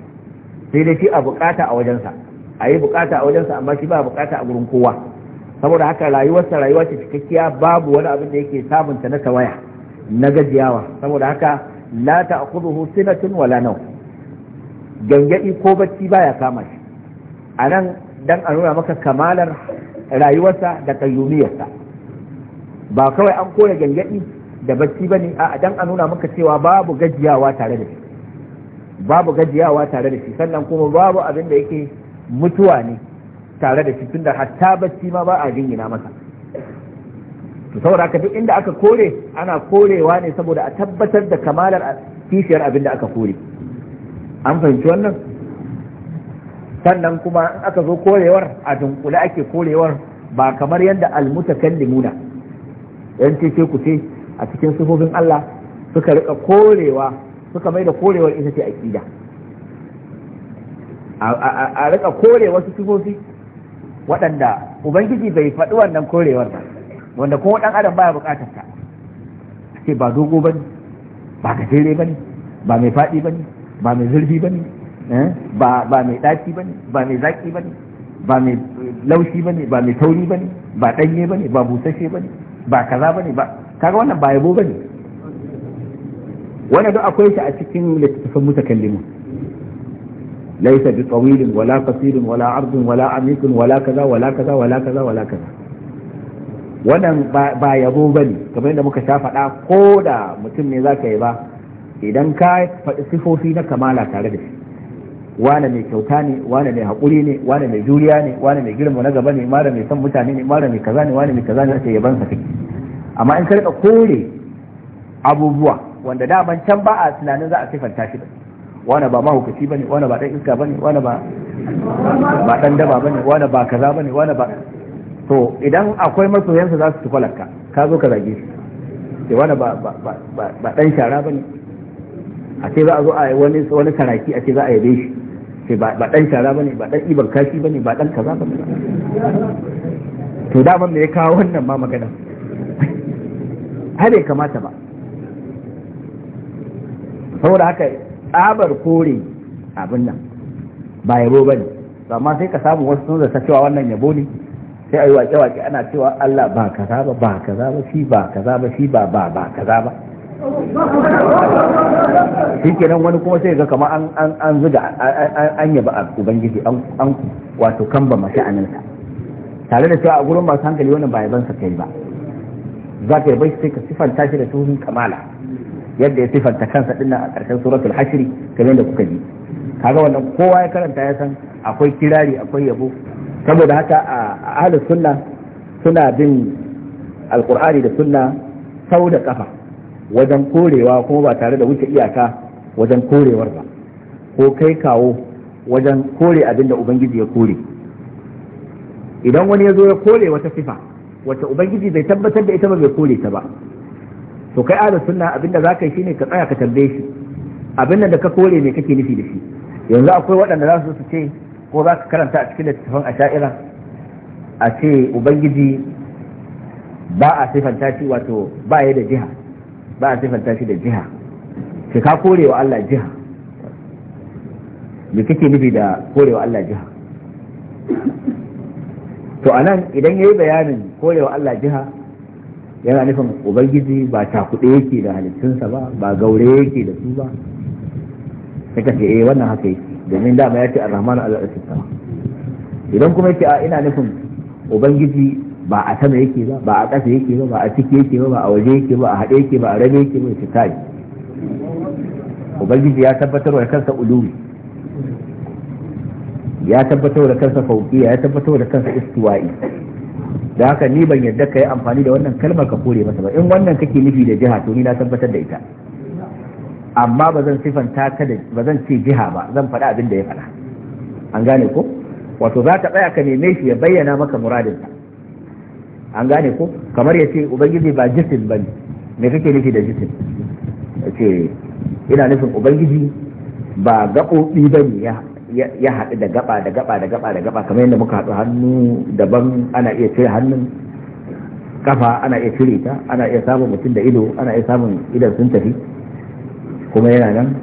sai dai shi a bukata a wajensa a yi bukata a wajensa amma shi ba bukata a gurin kowa saboda haka rayuwarsa rayuwa ce cikakkiya babu wani abin da yake sabunta na tawaya na gajiyawa saboda haka la ta'khudhuhu sinatun wala naw gangadi ko bacci baya kama shi anan dan a nuna maka kamalar rayuwarsa da kayyumiyarsa ba kawai an koya gangadi da bacci bane a dan a nuna maka cewa babu gajiyawa tare da shi babu gajiyawa tare da shi sannan kuma babu abin da yake mutuwa ne tare da shi tunda hatta bacci ma ba a jingina masa to saboda haka duk inda aka kore ana korewa ne saboda a tabbatar da kamalar kishiyar abin da aka kore an fahimci wannan sannan kuma in aka zo korewar a dunkule ake korewar ba kamar yadda almutakallimuna yan ce ku ce a cikin sufofin Allah suka rika korewa suka mai da korewar ita ce aƙida a rika kore wasu sifofi waɗanda ubangiji bai faɗi wannan korewar ba wanda kuma ɗan adam baya buƙatar ta ce ba dogo ba ne ba gajere ba ne ba mai faɗi ba ne ba mai zurfi ba ne ba mai ɗaki ba ne ba mai zaƙi ba ne ba mai laushi ba ne ba mai tauri ba ne ba ɗanye ba ne ba busasshe ba ne ba kaza ba ne ba kaga wannan ba yabo ba ne wani duk akwai shi a cikin littattafan mutakallimu laisa bi tawil wala qasir wala ard wala amikun wala kaza wala kaza wala kaza wala kaza wannan ba yabo bane kamar yadda muka sha faɗa ko da mutum ne zaka yi ba idan ka faɗi sifofi na kamala tare da shi wane mai kyauta ne wane mai haƙuri ne wane mai juriya ne wane mai girma na gaba ne mara mai son mutane ne mara mai kaza ne wane mai kaza ne ake yaban sa kake amma in ka rika kore abubuwa wanda daman can ba a tunanin za a sifanta shi da wani ba mahaukaci bane wani ba ɗan iska bane wani ba ba ɗan daba bane wani ba kaza bane wani ba to idan akwai masoyansa za su lakka ka zo ka zage shi sai eh, wani ba ba shara shara bane a ce za a zo a yi wani saraki a ce za a yabe shi sai eh, ba ɗan shara bane ba ɗan ibar kashi bane ba ɗan kaza ba ne. to daman me ya kawo wannan ma magana har bai kamata ba saboda haka tsabar kore abin nan ba yabo ba ne amma sai ka samu wasu sun zata cewa wannan yabo ne sai a yi wake-wake ana cewa Allah ba kaza ba ba kaza ba shi ba kaza ba shi ba ba ba kaza ba shi kenan wani kuma sai ga kamar an an an zuga an yaba a ubangiji an an wato kan ba mashi aninsa tare da cewa a gurin masu hankali wannan ba yaban sa kai ba za ka yaba sai ka sifanta shi da tuhun kamala yadda ya sifanta kansa dinnan a ƙarshen suratul hashri kamar da kuka ji kaga wannan kowa ya karanta ya san akwai kirari akwai yabo saboda haka a ahlus sunna suna bin alqur'ani da sunna sau da kafa wajen korewa kuma ba tare da wuce iyaka wajen korewar ba ko kai kawo wajen kore abin da ubangiji ya kore idan wani ya zo ya kore wata sifa wata ubangiji bai tabbatar da ita ba bai kore ta ba to kai ahlus sunna abinda zaka yi shine ka tsaya ka tambaye shi abinda da ka kore me kake nufi da shi yanzu akwai waɗanda za su su ce ko za ka karanta a cikin littattafan asha'ira a ce ubangiji ba a sifanta shi wato ba ya da jiha ba a sifanta shi da jiha ke ka kore wa Allah jiha me kake nufi da kore wa Allah jiha to anan idan yayi bayanin kore wa Allah jiha yana nufin ubangiji ba cakuɗe yake da halittunsa ba ba gaure yake da su ba sai ka ce eh wannan haka yake domin dama ya ce arrahman al'arshista idan kuma yake a ina nufin ubangiji ba a sama yake ba ba a ƙasa yake ba ba a ciki yake ba ba a waje yake ba a haɗe yake ba a rabe yake ba ya kai ubangiji ya tabbatar da kansa uluwi ya tabbatar da kansa fauqiya ya tabbatar da kansa istiwa'i da haka ni ban yarda ka yi amfani da wannan kalmar ka kore masa ba in wannan kake nufi da jiha to ni na tabbatar da ita amma ba zan sifanta ka da ba zan ce jiha ba zan faɗa abin da ya faɗa an gane ko wato za ta tsaya ka neme shi ya bayyana maka muradinsa an gane ko kamar ya ce ubangiji ba jisin ba ne me kake nufi da jisin ya ce ina nufin ubangiji ba gaɓoɓi ba ne ya? ya haɗu da gaba da gaba da gaba da gaba kamar yadda muka haɗu hannu daban ana iya cire hannun kafa ana iya cire ta ana iya samun mutum da ido ana iya samun idan sun tafi kuma yana nan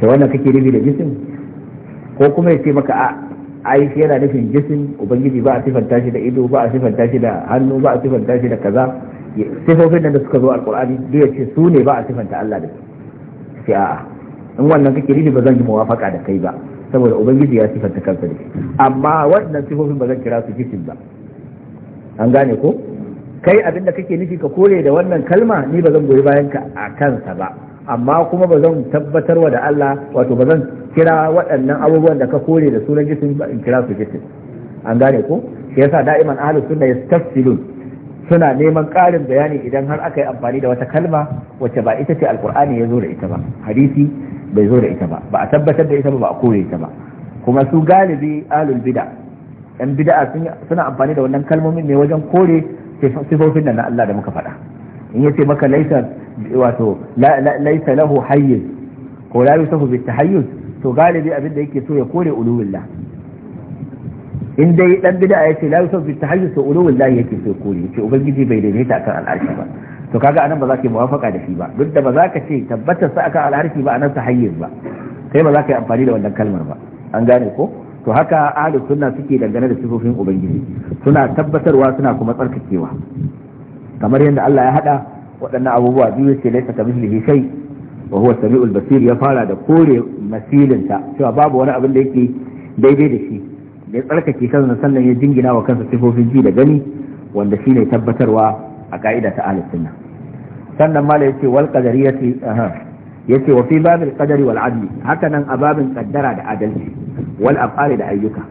ke wannan kake rubi da jisim ko kuma ya ce maka a ai shi yana nufin jisim ubangiji ba a sifanta shi da ido ba a sifanta shi da hannu ba a sifanta shi da kaza sifofin nan da suka zo alkur'ani duk ya ce su ne ba a sifanta Allah da su sai a'a in wannan kake rubi ba zan yi muwafaka da kai ba saboda ubangiji ya sifanta kansa da amma wannan sifofin ba zan kira su kifin ba an gane ko kai abin da kake nufi ka kore da wannan kalma ni ba zan goyi bayan ka a kansa ba amma kuma ba zan tabbatarwa da Allah wato ba zan kira waɗannan abubuwan da ka kore da sunan jisim ba in kira su jisim an gane ko shi yasa da'iman ahlus sunna yastafsilun suna neman ƙarin bayani idan har aka yi amfani da wata kalma wacce ba ita ce alkur'ani ya zo da ita ba hadisi bai zo da ita ba ba a tabbatar da ita ba ba a kore ita ba kuma su galibi alul bida yan bida'a suna amfani da wannan kalmomin ne wajen kore sifofin nan na Allah da muka faɗa in yace maka laisa wato laisa lahu hayyiz ko la yusafu Hayyus to galibi abin da yake so ya kore uluwillah in dai dan bid'a yace la yusabbu tahayyus wa uluwillahi yake so kore yace ubangiji bai daidaita akan al'arshi ba to kaga anan ba za ka yi muwafaka da shi ba duk da ba za ka ce tabbatar sa akan al'arshi ba anan tahayyus ba kai ba za ka yi amfani da wannan kalmar ba an gane ko to haka ahlus sunna suke dangane da sifofin ubangiji suna tabbatarwa suna kuma tsarkakewa kamar yadda Allah ya hada waɗannan abubuwa biyu ce laisa kamithlihi shay wa huwa samiul basir ya fara da kore masilinta cewa babu wani abin da yake daidai da shi ya tsarkake kansa sannan ya jingina wa kansa sifofin ji da gani wanda shine tabbatarwa a ka'ida ta ahlus sunna sannan mala yace wal qadariyati aha yace wa fi babil qadari wal adli haka nan a babin qaddara da adalci wal af'ali da ayyuka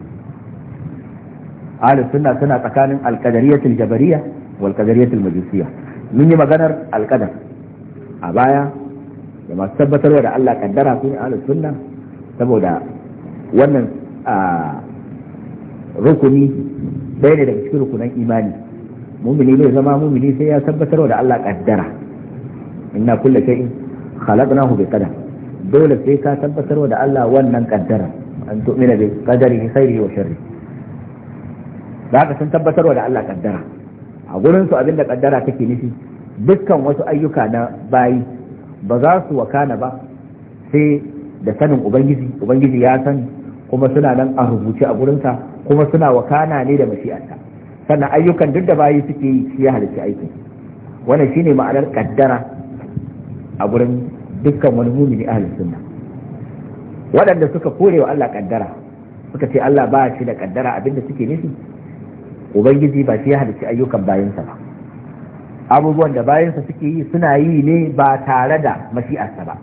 ahlus sunna suna tsakanin al qadariyatil jabariyya wal qadariyatil majusiyya mun yi maganar al qadar a baya da masu tabbatarwa da Allah kaddara su ne ahlus sunna saboda wannan rukuni ɗaya ne daga cikin rukunan imani mumini bai zama mumini sai ya tabbatar da Allah kaddara inna kulla shay'in khalaqnahu bi qadar dole sai ka tabbatar da Allah wannan kaddara an tu'mina bi qadarihi khairihi wa sharri da haka sun tabbatar da Allah kaddara a gurin su abinda kaddara take nufi dukkan wasu ayyuka na bayi ba za su wakana ba sai da sanin ubangiji ubangiji ya sani kuma suna nan a rubuce a gurinsa kuma suna wakana ne da mashi'arta sannan ayyukan duk da bayi suke yi shi ya halicci aikin wannan shine ma'anar kaddara a gurin dukkan wani mumini ahlus sunna waɗanda suka kore wa Allah kaddara suka ce Allah ba shi da kaddara abinda suke nufi ubangiji ba shi ya halicci ayyukan bayansa ba abubuwan da bayansa suke yi suna yi ne ba tare da mashi'arsa ba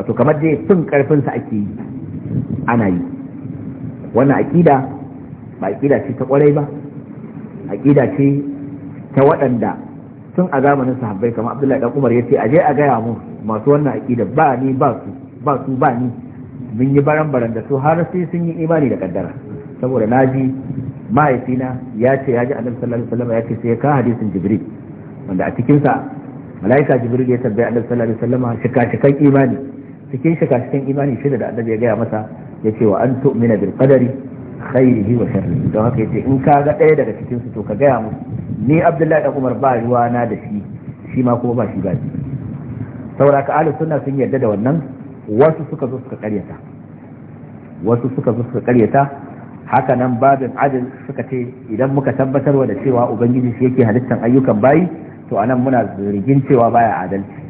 wato kamar dai sun karfinsa ake yi ana yi wannan aƙida ba aƙida ce ta ƙwarai ba aƙida ce ta waɗanda tun a zamanin sahabbai kamar abdullahi dan umar yace aje a gaya mu masu wannan aƙida ba ni ba su ba su ba ni mun yi baran baran da su har sai sun yi imani da kaddara saboda naji mahaifina ya ce ya ji annabi sallallahu alaihi wasallam ya ce sai ka hadisin jibril wanda a cikin sa mala'ika jibril ya tabbai annabi sallallahu alaihi wasallam shika shikan imani cikin shi cikin imani shida da annabi ya gaya masa ya ce wa an tu'mina bil qadari khairihi wa sharrihi don haka yace in ka ga ɗaya daga cikin su to ka gaya musu ni abdullahi da umar ba ruwa na da shi shi ma kuma ba shi ba shi saboda ka ahlus sunna sun yarda da wannan wasu suka zo suka karyata wasu suka zo suka karyata haka nan babin adil suka ce idan muka tabbatarwa da cewa ubangiji shi yake halittar ayyukan bayi to anan muna zargin cewa baya adalci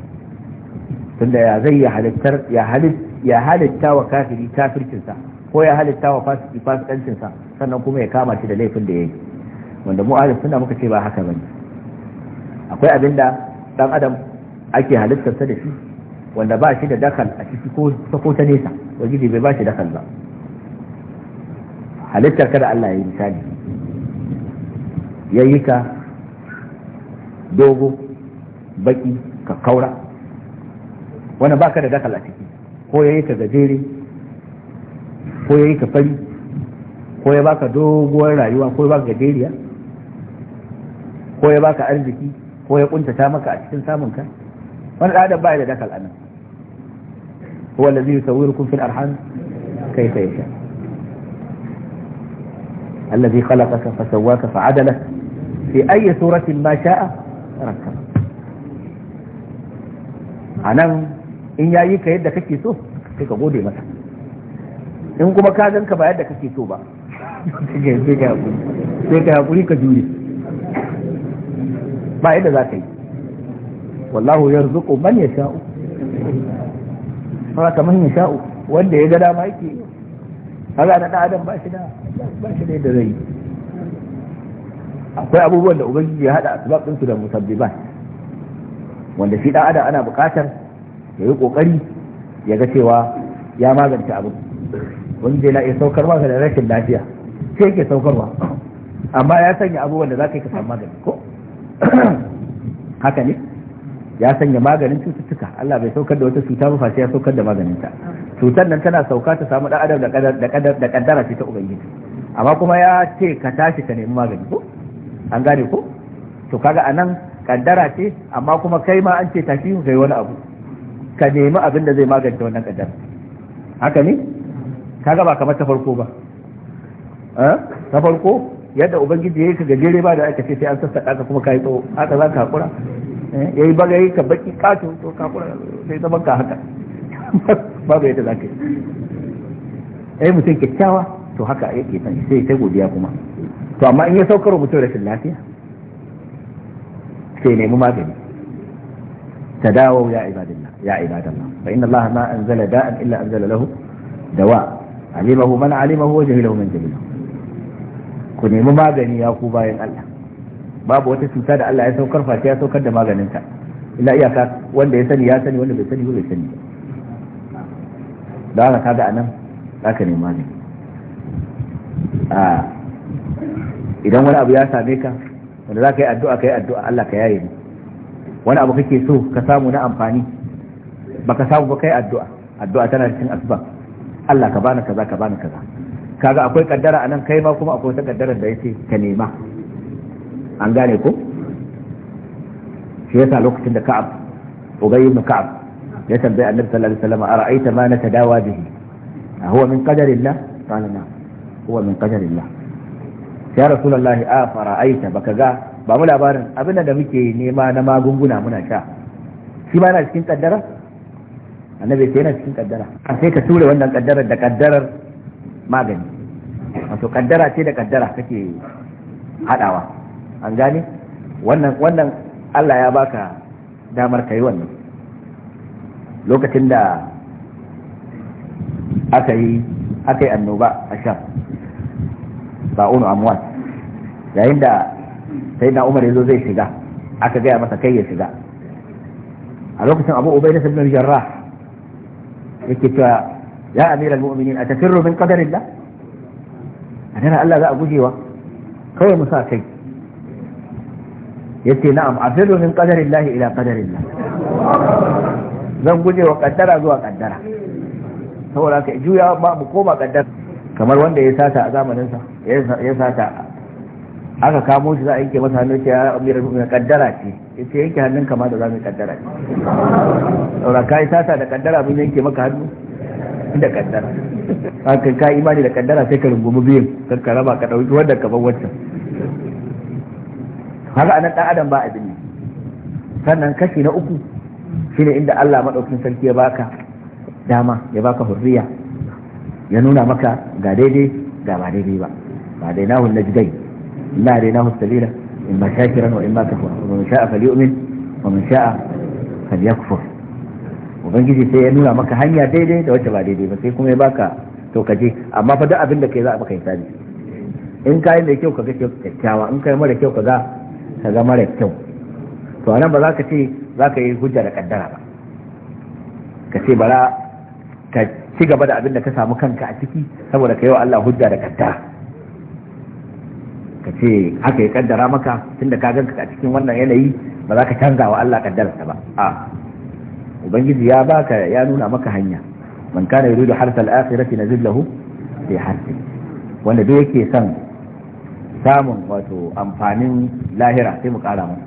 tunda ya zai ya halittar ya halitta wa kafiri kafircinsa ko ya halitta wa fasikancinsa sannan kuma ya kama shi da laifin da ya yi wanda mu ahlus sunna muka ce ba haka bane akwai abin da dan adam ake halittarsa da shi wanda ba shi da dakal a ciki ko sako ta nesa wajibi bai ba shi dakal ba halittar kada Allah ya yi misali yayi ka dogo baki ka kaura wanda ka da dakal a ciki ko ya yi ka gajere ko ya yi ka fari ko ya baka doguwar rayuwa ko ya baka gajeriya ko ya baka arziki ko ya kuntata maka a cikin samun ka wani da ba baya da dakal anan huwa allazi yusawwirukum fil arham kayfa yasha الذي خلقك فسواك فعدلك في أي سورة ما شاء ركبك a nan in yayi ka yadda kake so sai ka gode masa in kuma ka ganka ba yadda kake so ba sai ka hakuri ka jure ba yadda za ka yi wallahu ya rizuku man ya yasha'u haka man sha'u, wanda ya ga dama yake haka na da adam ba shi da ba shi da yadda zai akwai abubuwan da ubangiji ya hada asbab da musabbiban wanda shi da adam ana bukatar ya yi kokari ya ga cewa ya magance abu wani zai na iya saukarwa ga rashin lafiya sai ke saukarwa amma ya sanya abubuwan da za ka yi ka samu magani ko haka ne ya sanya maganin cututtuka Allah bai saukar da wata cuta ba sai ya saukar da maganin ta cutar nan tana sauka ta samu dan adam da kaddara ce ta ubangiji amma kuma ya ce ka tashi ka nemi magani ko an gane ko to kaga anan kaddara ce amma kuma kai ma an ce tashi kai wani abu ka nemi abin da zai magance wannan kadar haka ne Ka gaba kamar ta farko ba eh? ta farko yadda ubangiji yayi ka gajere ba da aka ce sai an sassaƙa ka kuma kai tsawo haka za ka hakura eh? yayi ba yayi ka baki kato to ka haƙura sai zaman ka haka babu yadda za ka yi ai eh, mutum kyakkyawa to haka yake san sai ta godiya kuma to amma in ya saukar mutum rashin lafiya sai nemi magani dawo ya ibadin يا عباد الله فإن الله ما أنزل داء إلا أنزل له دواء علمه من علمه وجهله من جهله ku nemi magani ya ku bayan Allah babu wata cuta da Allah ya saukar face ya saukar da maganinta illa iyaka wanda ya sani ya sani wanda bai sani bai sani da haka kaga anan zaka nemi a idan wani abu ya same ka wanda ka yi addu'a yi addu'a Allah ka yaye ni wani abu kake so ka samu na amfani baka samu ba kai addu'a addu'a tana cikin asbab Allah ka bani kaza ka bani kaza kaga akwai kaddara anan kai ma kuma akwai ta kaddara da yake ka nema an gane ko shi yasa lokacin da Ka'ab Ubay ibn Ka'ab ya tambayi Annabi sallallahu alaihi wasallam ara'aita ma natadawa bihi ah, huwa min qadarillah qala na huwa min qadarillah ya rasulullahi a fara'aita baka ga ba mu labarin abin da muke nema na magunguna muna sha shi ba na cikin kaddara annabi sai yana cikin kaddara a sai ka tura wannan kaddarar da kaddarar magani wato kaddara ce da kaddara kake hadawa an gane wannan wannan Allah ya baka damar kai wannan lokacin da aka yi aka yi annoba a sham ba'unu amwat yayin da sai na umar yazo zai shiga aka gaya masa kai ya shiga a lokacin abu ubai da sabbin jarrah yake cewa ya amiral mu'minin a tafirru min qadarillah a dana Allah za a gujewa kawai mu sa kai yace na'am a afirru min qadarillah ila qadarillah zan gujewa kaddara zuwa kaddara saboda ka juya ba mu koma kaddara kamar wanda ya sata a zamaninsa ya sata aka kamo shi za a yanke masa hannun ce ya amirar mai kaddara ce ya ce yanke hannun kama da za mu kaddara ce saura ka yi sata da kaddara mun yanke maka hannu da kaddara haka ka imani da kaddara sai ka rungumi biyun kan ka raba ka ɗauki wanda ka bar wancan haka anan ɗan adam ba abin ne sannan kashi na uku shine inda Allah maɗaukin sarki ya baka dama ya baka hurriya ya nuna maka ga daidai ga ba daidai ba ba dai nahun najgai إنا أريناه السبيل إما شاكرا وإما كفورا ومن شاء فليؤمن ومن شاء فليكفر ubangiji sai ya nuna maka hanya daidai da wacce ba daidai ba sai kuma ya baka to kaje amma fa duk abin da kai za a maka hisabi in ka yi mai kyau ka ga in ka mara kyau ka ga ka ga mara kyau to ka ci gaba da abin da ka samu kanka a ciki saboda ka yi wa Allah hujja da kaddara ka ce haka ya kaddara maka tunda ka ganka a cikin wannan yanayi ba za ka canza wa Allah kaddararsa ba a ubangiji ya baka ya nuna maka hanya man kana yuridu harsa al-akhirati nazid lahu fi harsi wanda duk yake son samun wato amfanin lahira sai mu kara masa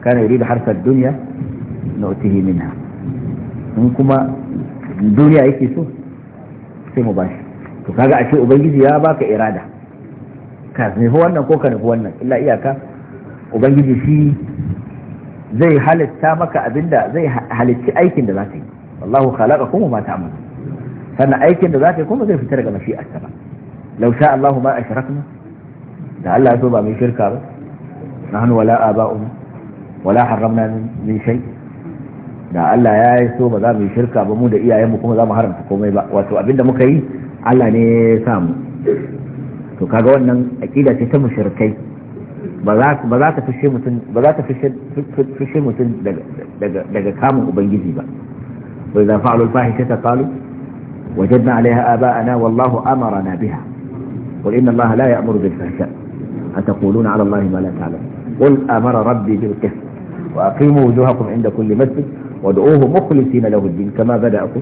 kana yuridu harsa ad-dunya nu'tihi minha in kuma duniya yake so sai mu bashi to kaga a ce ubangiji ya baka irada ka nufi wannan ko ka nufi wannan illa iyaka ubangiji shi zai halitta maka abinda zai halitti aikin da za ka yi wallahu khalaqa kuma ma amma sannan aikin da za ka yi kuma zai fita daga mashi'arta ba law sha Allahu ma ashrakna da Allah ya so ba mai shirka ba nahnu wala aba'una wala harramna min shay da Allah ya so ba za mu shirka ba mu da iyayenmu kuma za mu haramta komai ba wato abinda muka yi Allah ne ya samu to kaga wannan aƙida ce ta mushrikai ba za ta fushe mutum ba za ta fushe mutum daga kamun ubangiji ba wa idza fa'alu al-fahishata qalu wajadna 'alayha aba'ana wallahu amarna biha qul inna allaha la ya'muru bil fahsha ataquluna 'ala allahi ma la ta'lamun qul amara rabbi bil qist wa aqimu wujuhakum 'inda kulli masjid wad'uuhu mukhlisina lahu ad-din kama bada'akum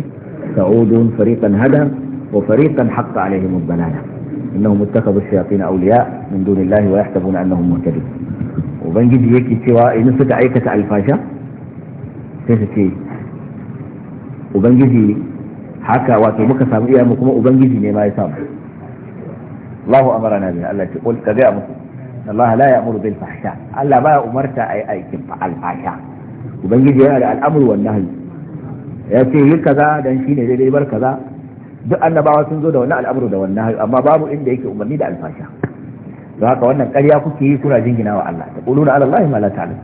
ta'udun fariqan hada wa fariqan haqqa 'alayhim ad-dalalah إنهم اتخذوا الشياطين أولياء من دون الله ويحسبون أنهم مهتدون وبنجد يكي سوى إن سكا أيكة الفاشا سيسكي وبنجد حكى واتو مكا سامئيا مكما وبنجد نما يسام الله أمرنا بها الله تقول كذا مكما الله لا يأمر بالفحشاء ألا ما أمرت أي أي الفحشاء وبنجد يا الأمر والنهي ya ce yi kaza dan shi ne daidai bar kaza duk annabawa sun zo da wannan al'amuru da wannan amma babu inda yake umarni da alfasha don haka wannan ƙarya kuke yi kuna jingina wa Allah ta quluna ala Allah ma la ta'ala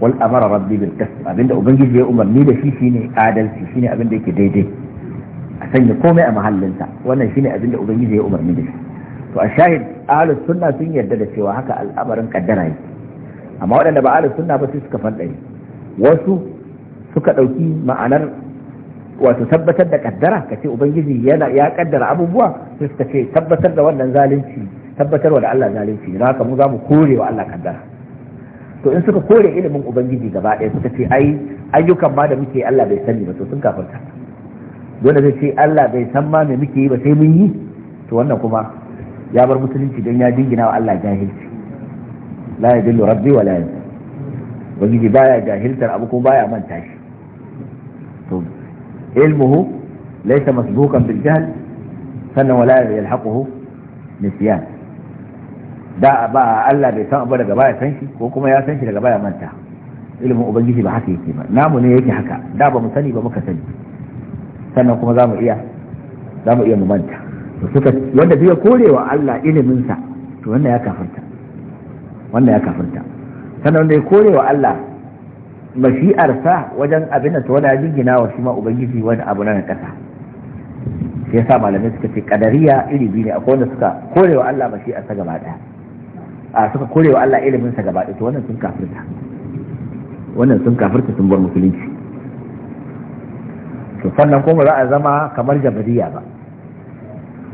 wal amara rabbi bil qist abinda ubangiji ya umarni da shi shine adalci shine abinda yake daidai a sanya komai a mahallinsa wannan shine abinda ubangiji ya umarni da shi to a shahid ahli sunna sun yarda da cewa haka al'amarin kaddara yake amma waɗanda ba ahli sunna ba sai suka fandare wasu suka ɗauki ma'anar wato tabbatar da kaddara ka ce ubangiji yana ya kaddara abubuwa sai suka ce tabbatar da wannan zalunci tabbatarwa da Allah zalunci don haka mu za mu kore wa Allah kaddara to in suka kore ilimin ubangiji gaba ɗaya suka ce ai ayyukan ma da muke Allah bai sani ba to sun kafarta dole zai ce Allah bai san ma me muke yi ba sai mun yi to wannan kuma ya bar musulunci don ya dingina wa Allah jahilci la yadillu rabbi wa la ubangiji baya jahiltar abu kuma baya manta shi ilmuhu laysa masbuqan bil jahl sannan wala yalhaquhu nisyan da ba Allah bai san abu daga baya san shi ko kuma ya san daga baya manta ubangiji ba haka yake ba namu ne yake haka da ba mu sani ba muka sani sannan kuma za mu iya mu iya mu manta suka wanda zai korewa Allah iliminsa to wannan ya wannan ya kafarta sannan wanda ya korewa Allah mashi'arsa wajen abin da wani gina wa shi ma ubangiji wani abu na kasa ya yasa malamai suka ce kadariya iri biyu ne akwai wanda suka korewa Allah mashi'arsa gaba daya a suka korewa Allah ilimin sa gaba daya to wannan sun kafirta wannan sun kafirta sun bar musulunci to sannan kuma za a zama kamar jabariya ba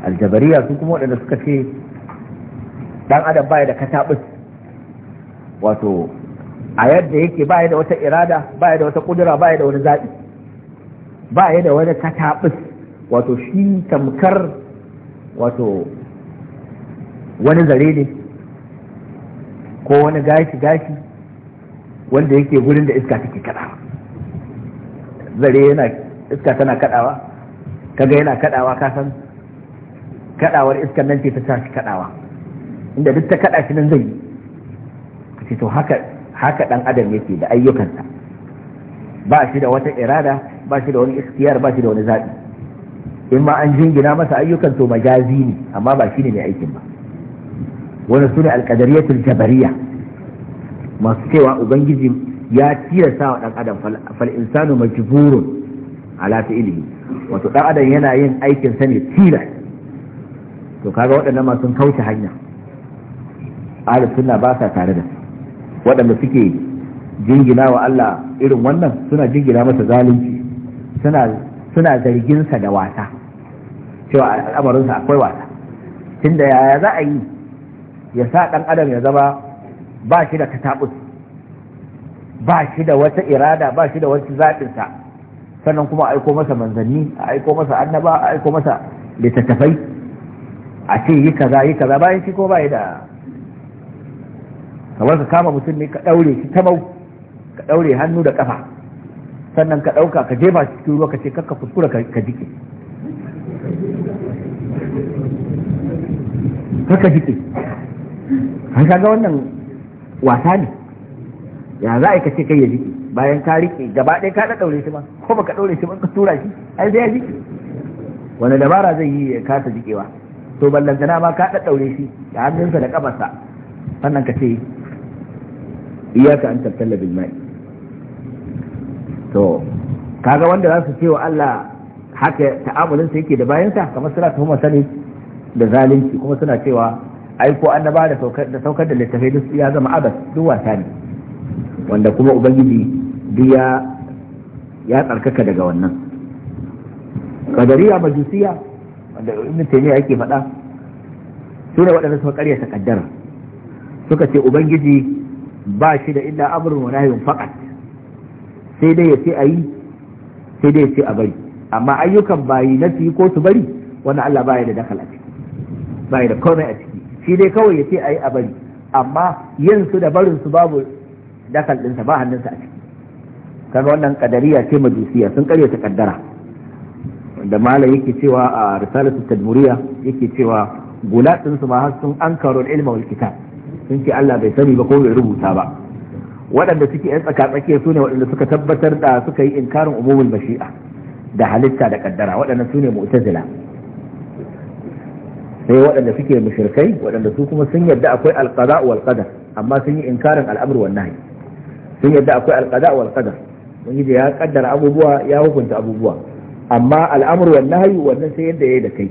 aljabariya su kuma waɗanda suka ce dan adam baya da katabus wato a yadda yake ba da wata irada ba da wata kudura ba da wani zaɓi ba da wani kataɓis wato shi tamkar wato wani zare ne ko wani gashi gashi wanda yake gurin da iska take kaɗawa zare yana iska tana kaɗawa kaga yana kaɗawa kasan kaɗawar iska nan ce ta sa shi kaɗawa inda duk ta kaɗa shi nan zai yi to haka haka dan adam yake da ayyukansa ba shi da wata irada ba shi da wani iskiyar ba shi da wani zaɓi in ma an jingina masa ayyukan to majazi ne amma ba shi ne mai aikin ba wani su ne alƙadariyatul jabariya masu cewa ubangiji ya sa wa ɗan adam fal insanu majburun ala fi'lihi wato ɗan adam yana yin aikin sa ne tira to kaga waɗannan masu kauce hanya ahlus sunna ba sa tare da su waɗanda suke jingina wa Allah irin wannan suna jingina masa zalunci suna zarginsa da wasa cewa al'amarinsa akwai wasa tunda yaya za a yi ya sa ɗan adam ya zama ba shi da katabus ba shi da wata irada ba shi da wata zaɓinsa sannan kuma aiko masa manzanni a aiko masa annaba a aiko masa littattafai a ce yi kaza yi kaza bayan shi ko ba da kamar ka kama mutum ne ka ɗaure shi ta mau ka ɗaure hannu da ƙafa sannan ka ɗauka ka jefa shi cikin ruwa ka ce kakka kuskura ka jike kakka jike an ga wannan wasa ne ya za a yi ka ce kai ya jike bayan ka rike gaba ɗaya ka ɗaure shi ma ko ba ka ɗaure shi ba ka tura shi ai sai ya jike wani dabara zai yi ya kasa jikewa to ballantana ma ka ɗaɗɗaure shi da hannunsa da ƙafarsa sannan ka ce iyaka an tabtalla bil ma'i to kaga wanda za su ce wa Allah haka ta'amulin sa yake da bayansa kamar suna huma sani da zalunci kuma suna cewa ai ko annaba da saukar da saukar da littafai duk ya zama abas duk wasa ne wanda kuma ubangiji duk ya ya tsarkaka daga wannan kadariya majusiya wanda ibn taymiya yake faɗa sune waɗanda suka ƙarya ta kaddara suka ce ubangiji ba shi da illa amrun wa nahyun faqat sai dai ya ce ayi sai dai ya ce a bari amma ayyukan bayi na ci ko su bari wani Allah baya da dakal a ciki baya da komai a ciki shi dai kawai ya ce ayi a bari amma yin su da barin su babu dakal ɗinsa ba hannunsa a ciki kaga wannan kadariya ce majusiya sun karya ta kaddara da malam yake cewa a risalatu tadmuriya yake cewa gulatin su ma har sun ankaru ilma wal kitab sun ce Allah bai sani ba ko bai rubuta ba waɗanda suke yan tsaka tsakiya su ne waɗanda suka tabbatar da suka yi inkarin umumul mashi'a da halitta da kaddara waɗanda su ne mu'tazila sai waɗanda suke mushrikai waɗanda su kuma sun yadda akwai alqada wal qadar amma sun yi inkarin al'amr wan nahi sun yadda akwai alqada wal qadar mun yi da ya kaddara abubuwa ya hukunta abubuwa amma al'amr wan nahi wannan sai yadda yayi da kai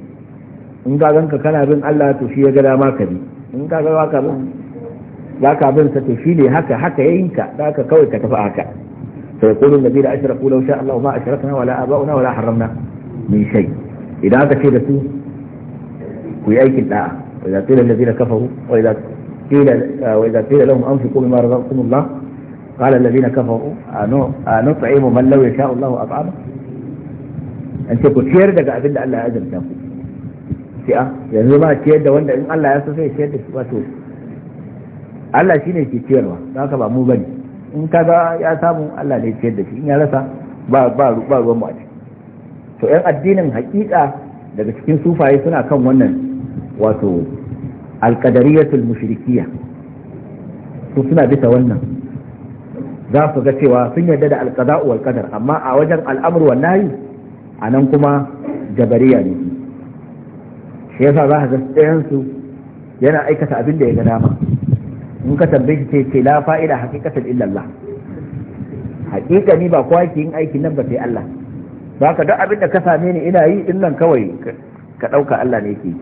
in ka ganka kana bin Allah to shi ya ga dama ka bi in ka ga ka bin ba ka bin sa to shine haka haka yayin ka da ka kawai ka tafi haka fa yaqulu alladhina ashraku law sha Allah ma ashrakna wala aba'una wala haramna. min shay idan aka ce da su ku yi aikin da'a wa idza qila alladhina kafaru wa idza qila wa idza qila lahum anfiqu mimma razaqakum Allah قال الذين كفروا أنطعم من لو يشاء الله أطعمه أنت كثير Allah ya الله أزمتكم sai a yanzu ba ciyar da wanda in Allah ya so sai ciyar da shi wato Allah shi ne ke ciyarwa don haka ba mu bane in kaga ya samu Allah ne ciyar da shi in ya rasa ba ba ba ruwan mu a ciki to yan addinin haƙiƙa daga cikin sufaye suna kan wannan wato alqadariyatul mushrikiyya su suna bisa wannan za su ga cewa sun yarda da alqada'u wal qadar amma a wajen al'amru wan nahi anan kuma jabariya ne shi yasa za ka ga su yana aikata abin da ya ga dama in ka tambaye shi ce la fa'ida haqiqatan illa Allah haqiqa ni ba kowa yake yin aikin nan ba sai Allah ba ka duk abin da ka same ni ina yi din nan kawai ka dauka Allah ne yake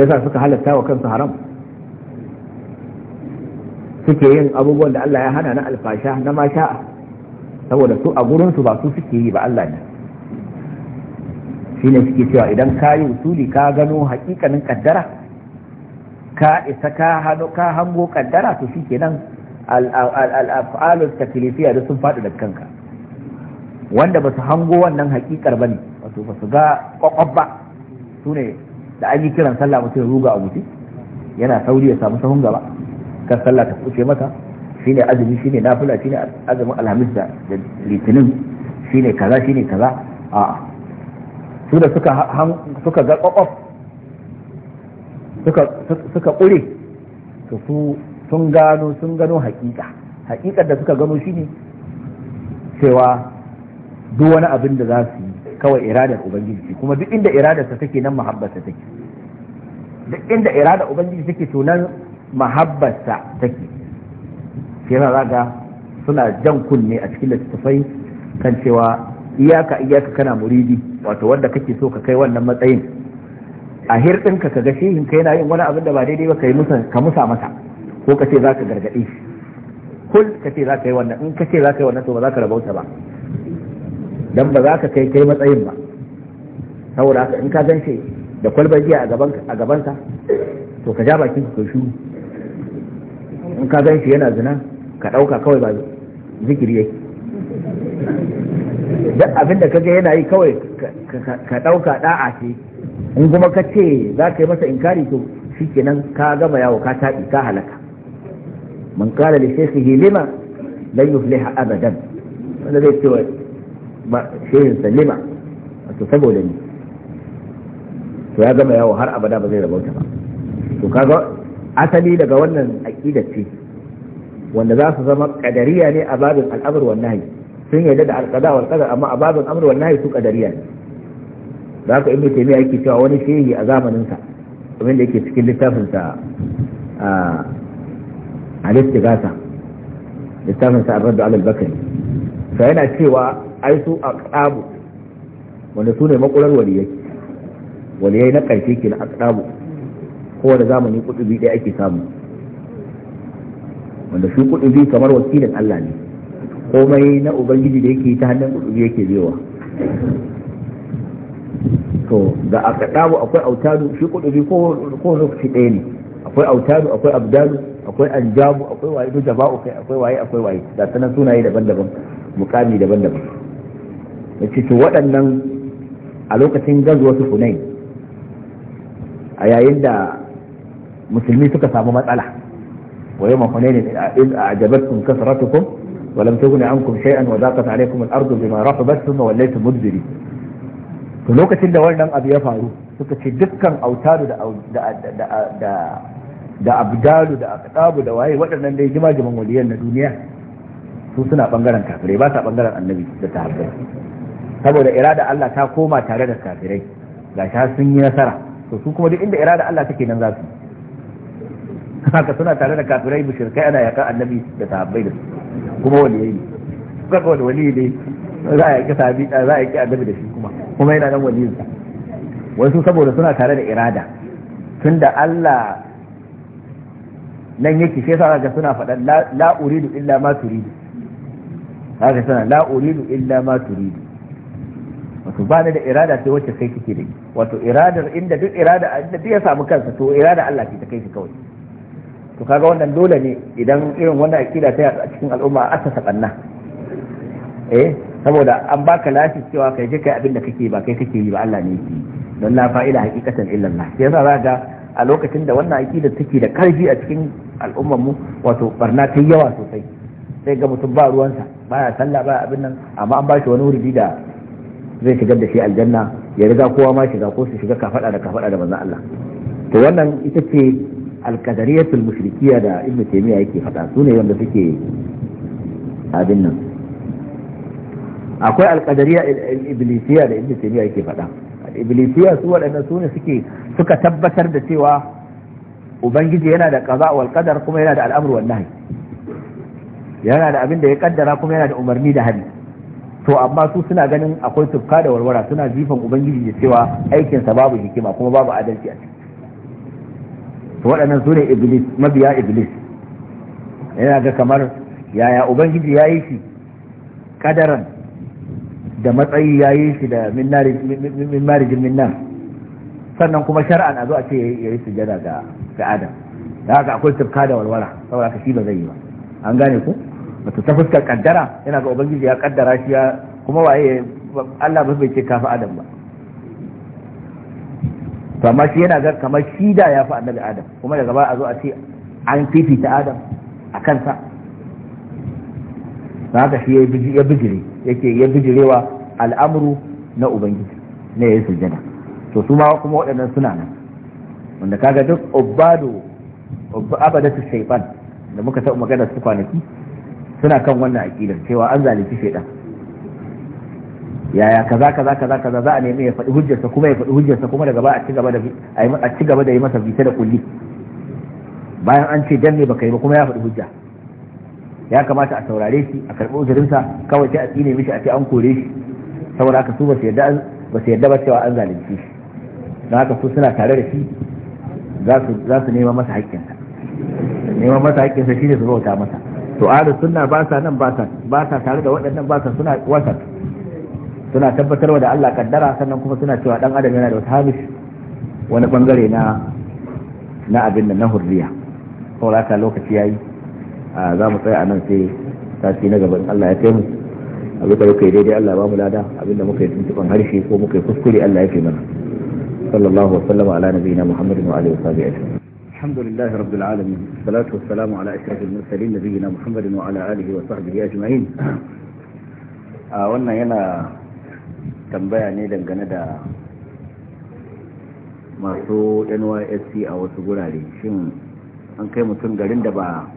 yasa suka halatta wa kansu haram suke yin abubuwan da Allah ya hana na alfasha na masha saboda su a gurin su ba su suke yi ba Allah ne shine suke cewa idan ka yi usuli ka gano hakikanin kaddara ka isa ka hano ka hango kaddara to shi kenan al'af'alul taklifiya da sun faɗi da kanka wanda ba su hango wannan hakikar ba ne wato ba su ga ƙwaƙwaf ba su ne da an yi kiran sallah mutum ruga a mutum yana sauri ya samu sahun gaba kan sallah ta kuce mata shine azumi shine nafila shine azumin alhamis da litinin shine kaza shine kaza a su da suka suka ga ƙwaƙwaf. suka ƙure su sun gano sun gano hakika haƙiƙar da suka gano shi ne cewa duk wani abin da za su yi kawai iradar ubangiji kuma duk inda sa take nan ta take duk inda iradar ubangiji take to nan ta take sai yana zaga suna jan kunne a cikin littattafai kan cewa iyaka iyaka kana muridi wato wanda kake so ka kai wannan matsayin a hirɗinka ka ga shehin ka yana yin wani abin da ba daidai ba ka yi musa ka musa masa ko ka ce za ka gargaɗe shi kul ka ce za ka yi wannan in ka ce za ka yi wannan to ba za ka rabauta ba dan ba za ka kai kai matsayin ba saboda haka in ka gan shi da kwalbar jiya a gabansa to ka ja bakin ka shuru in ka gan shi yana zina ka ɗauka kawai ba zikiri yake duk abin da ka ga yana yi kawai ka ɗauka ɗa'a ce in kuma ka ce za ka yi masa inkari to shi kenan ka gama yawo ka taɓi ka halaka man kala da shekhihi lima lan yufliha abadan wanda zai cewa ba shehin salima to saboda ni to ya gama yawo har abada ba zai rabauta ba to kaga asali daga wannan aqida ce wanda za su zama kadariya ne a babin al'amur wannan nahyi sun yarda da alqada wal qadar amma a babin amr wannan nahyi su kadariya ne da haka ibnu taymiya yake cewa wani shehi a zamanin sa abin da yake cikin littafin sa a listigasa littafin sa ar alal ala al yana cewa ai su a aqabu wanda su ne makular waliyai waliyai na karshe ke na ko kowane zamani biyu ɗaya ake samu wanda kudu biyu kamar wakilin Allah ne komai na ubangiji da yake ta hannun kutubi yake biyowa to da aka dawo akwai autadu shi kudubi ko ko lokaci ɗaya ne akwai autadu akwai abdalu akwai anjabu akwai waye to jaba'u kai akwai waye akwai waye da sanan sunaye daban-daban mukami daban-daban yace to waɗannan a lokacin gazuwa su hunain a yayin da musulmi suka samu matsala wa yawma hunain iz a'jabatkum kasratukum ولم تغن عنكم شيئا وضاقت عليكم الارض بما رحبت ثم وليتم مدبرين to lokacin da wannan abu ya faru suka ce dukkan autaru da da da abdalu da aqdabu da waye waɗannan dai jimajiman waliyan na duniya su suna bangaren kafirai ba sa bangaren annabi da sahabbai saboda irada Allah ta koma tare da kafirai ga ta sun yi nasara to su kuma duk inda irada Allah take nan za su haka suna tare da kafirai bishirkai ana yakan annabi da sahabbai da kuma waliyai ga wani wali ne za a yaki sabi za a yi annabi da shi kuma kuma yana nan waliyin sa wasu saboda suna tare da irada tunda Allah nan yake shi yasa ga suna faɗan la uridu illa ma turidu haka suna la uridu illa ma turidu wato ba da irada sai wacce kai kike da wato iradar inda duk irada inda duk ya samu kansa to irada Allah ce ta kai shi kawai to kaga wannan dole ne idan irin wannan akida ta a cikin al'umma a asasa kanna eh saboda an baka lafi cewa kai je kai abin da kake ba kai kake yi ba Allah ne yake don la fa'ila haqiqatan illa Allah sai yasa za ga a lokacin da wannan aqida take da karfi a cikin al'ummar mu wato barna ta yawa sosai sai ga mutum ba ruwansa baya sallah baya abin nan amma an bashi wani wuri da zai shigar da shi aljanna ya riga kowa ma shiga ko su shiga kafada da kafada da manzon Allah to wannan ita ce alqadariyatul mushrikiya da ibnu taymiya yake faɗa sune wanda suke abin nan akwai alkadariya iblisiya da ibn taymiya yake faɗa iblisiya su waɗannan su ne suke suka tabbatar da cewa ubangiji yana da qaza wal qadar kuma yana da al'amru wal nahi yana da abin da ya kaddara kuma yana da umarni da hali to amma su suna ganin akwai tufka da warwara suna jifan ubangiji da cewa aikinsa babu hikima kuma babu adalci a ciki to waɗannan su ne iblis mabiya iblis yana ga kamar yaya ubangiji ya yi shi kadaran da matsayi ya yi shi da min marijin min nan sannan kuma shari'an a zo a ce ya yi sujada ga ga adam da haka akwai tufka da walwala saboda ka shi ba zai yi ba an gane ku wato ta fuskar kaddara yana ga ubangiji ya kaddara shi ya kuma waye Allah ba bai ce kafa adam ba to amma shi yana ga kamar shi da ya fi annabi adam kuma daga ba a zo a ce an fifita adam a kansa ba haka shi ya bijire yake ya bijirewa al'amuru na ubangiji ne ya yi to su ma kuma waɗannan suna nan wanda kaga duk ubadu abadatu shaytan da muka taɓa magana su kwanaki suna kan wannan aqidar cewa an zalunci shaytan yaya kaza kaza kaza kaza za a nemi ya faɗi hujjarsa kuma ya faɗi hujjarsa kuma daga ba a ci gaba da a ci gaba da yi masa bita da kulli bayan an ce dan ne baka yi ba kuma ya faɗi hujja ya kamata a saurare shi a karɓi uzurinsa kawai sai a tsine mishi a ce an kore shi saboda haka su ba su yarda ba cewa an zalunci shi don haka su suna tare da shi za su nema masa haƙƙinsa neman masa haƙƙinsa shine su bauta masa to ahlus sunna ba sa nan ba sa tare da waɗannan ba sa suna wasan, suna tabbatarwa da Allah kaddara sannan kuma suna cewa dan adam yana da wata hamish wani bangare na na abin da na hurriya saboda lokaci yayi za mu tsaya a nan sai sati na gaban Allah ya kai mu abin da kai yi daidai Allah ba mu lada abin da muka yi tuntuban harshe ko muka yi kuskure Allah ya fi mana sallallahu wa sallama ala nabiyina muhammadin wa alihi wa sahbihi ajma'in الحمد لله رب العالمين والصلاة والسلام على muhammadin wa ala alihi wa sahbihi ajma'in a wannan yana tambaya ne dangane da masu nysc a wasu gurare shin an kai mutum garin da ba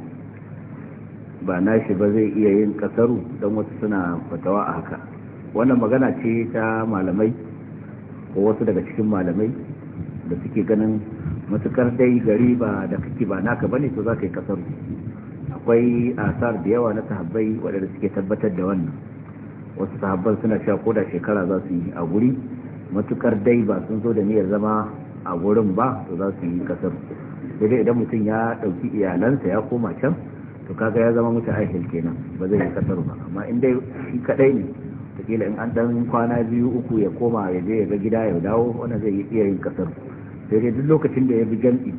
ba nashi ba zai iya yin kasaru don wasu suna fatawa a haka wannan magana ce ta malamai ko wasu daga cikin malamai da suke ganin matukar dai gari ba da kake ba naka bane to za ka yi kasaru akwai asar da yawa na sahabbai waɗanda suke tabbatar da wannan wasu sahabban suna sha ko da shekara za su yi a guri matukar dai ba sun zo da niyyar zama a gurin ba to za su yi kasaru sai dai idan mutum ya ɗauki iyalansa ya koma can to kaga ya zama mutu ahil kenan ba zai yi kasar ba amma in dai shi kadai ne takila in an dan kwana biyu uku ya koma ya je ya ga gida ya dawo wannan zai iya yin kasar sai dai duk lokacin da ya bi jam'i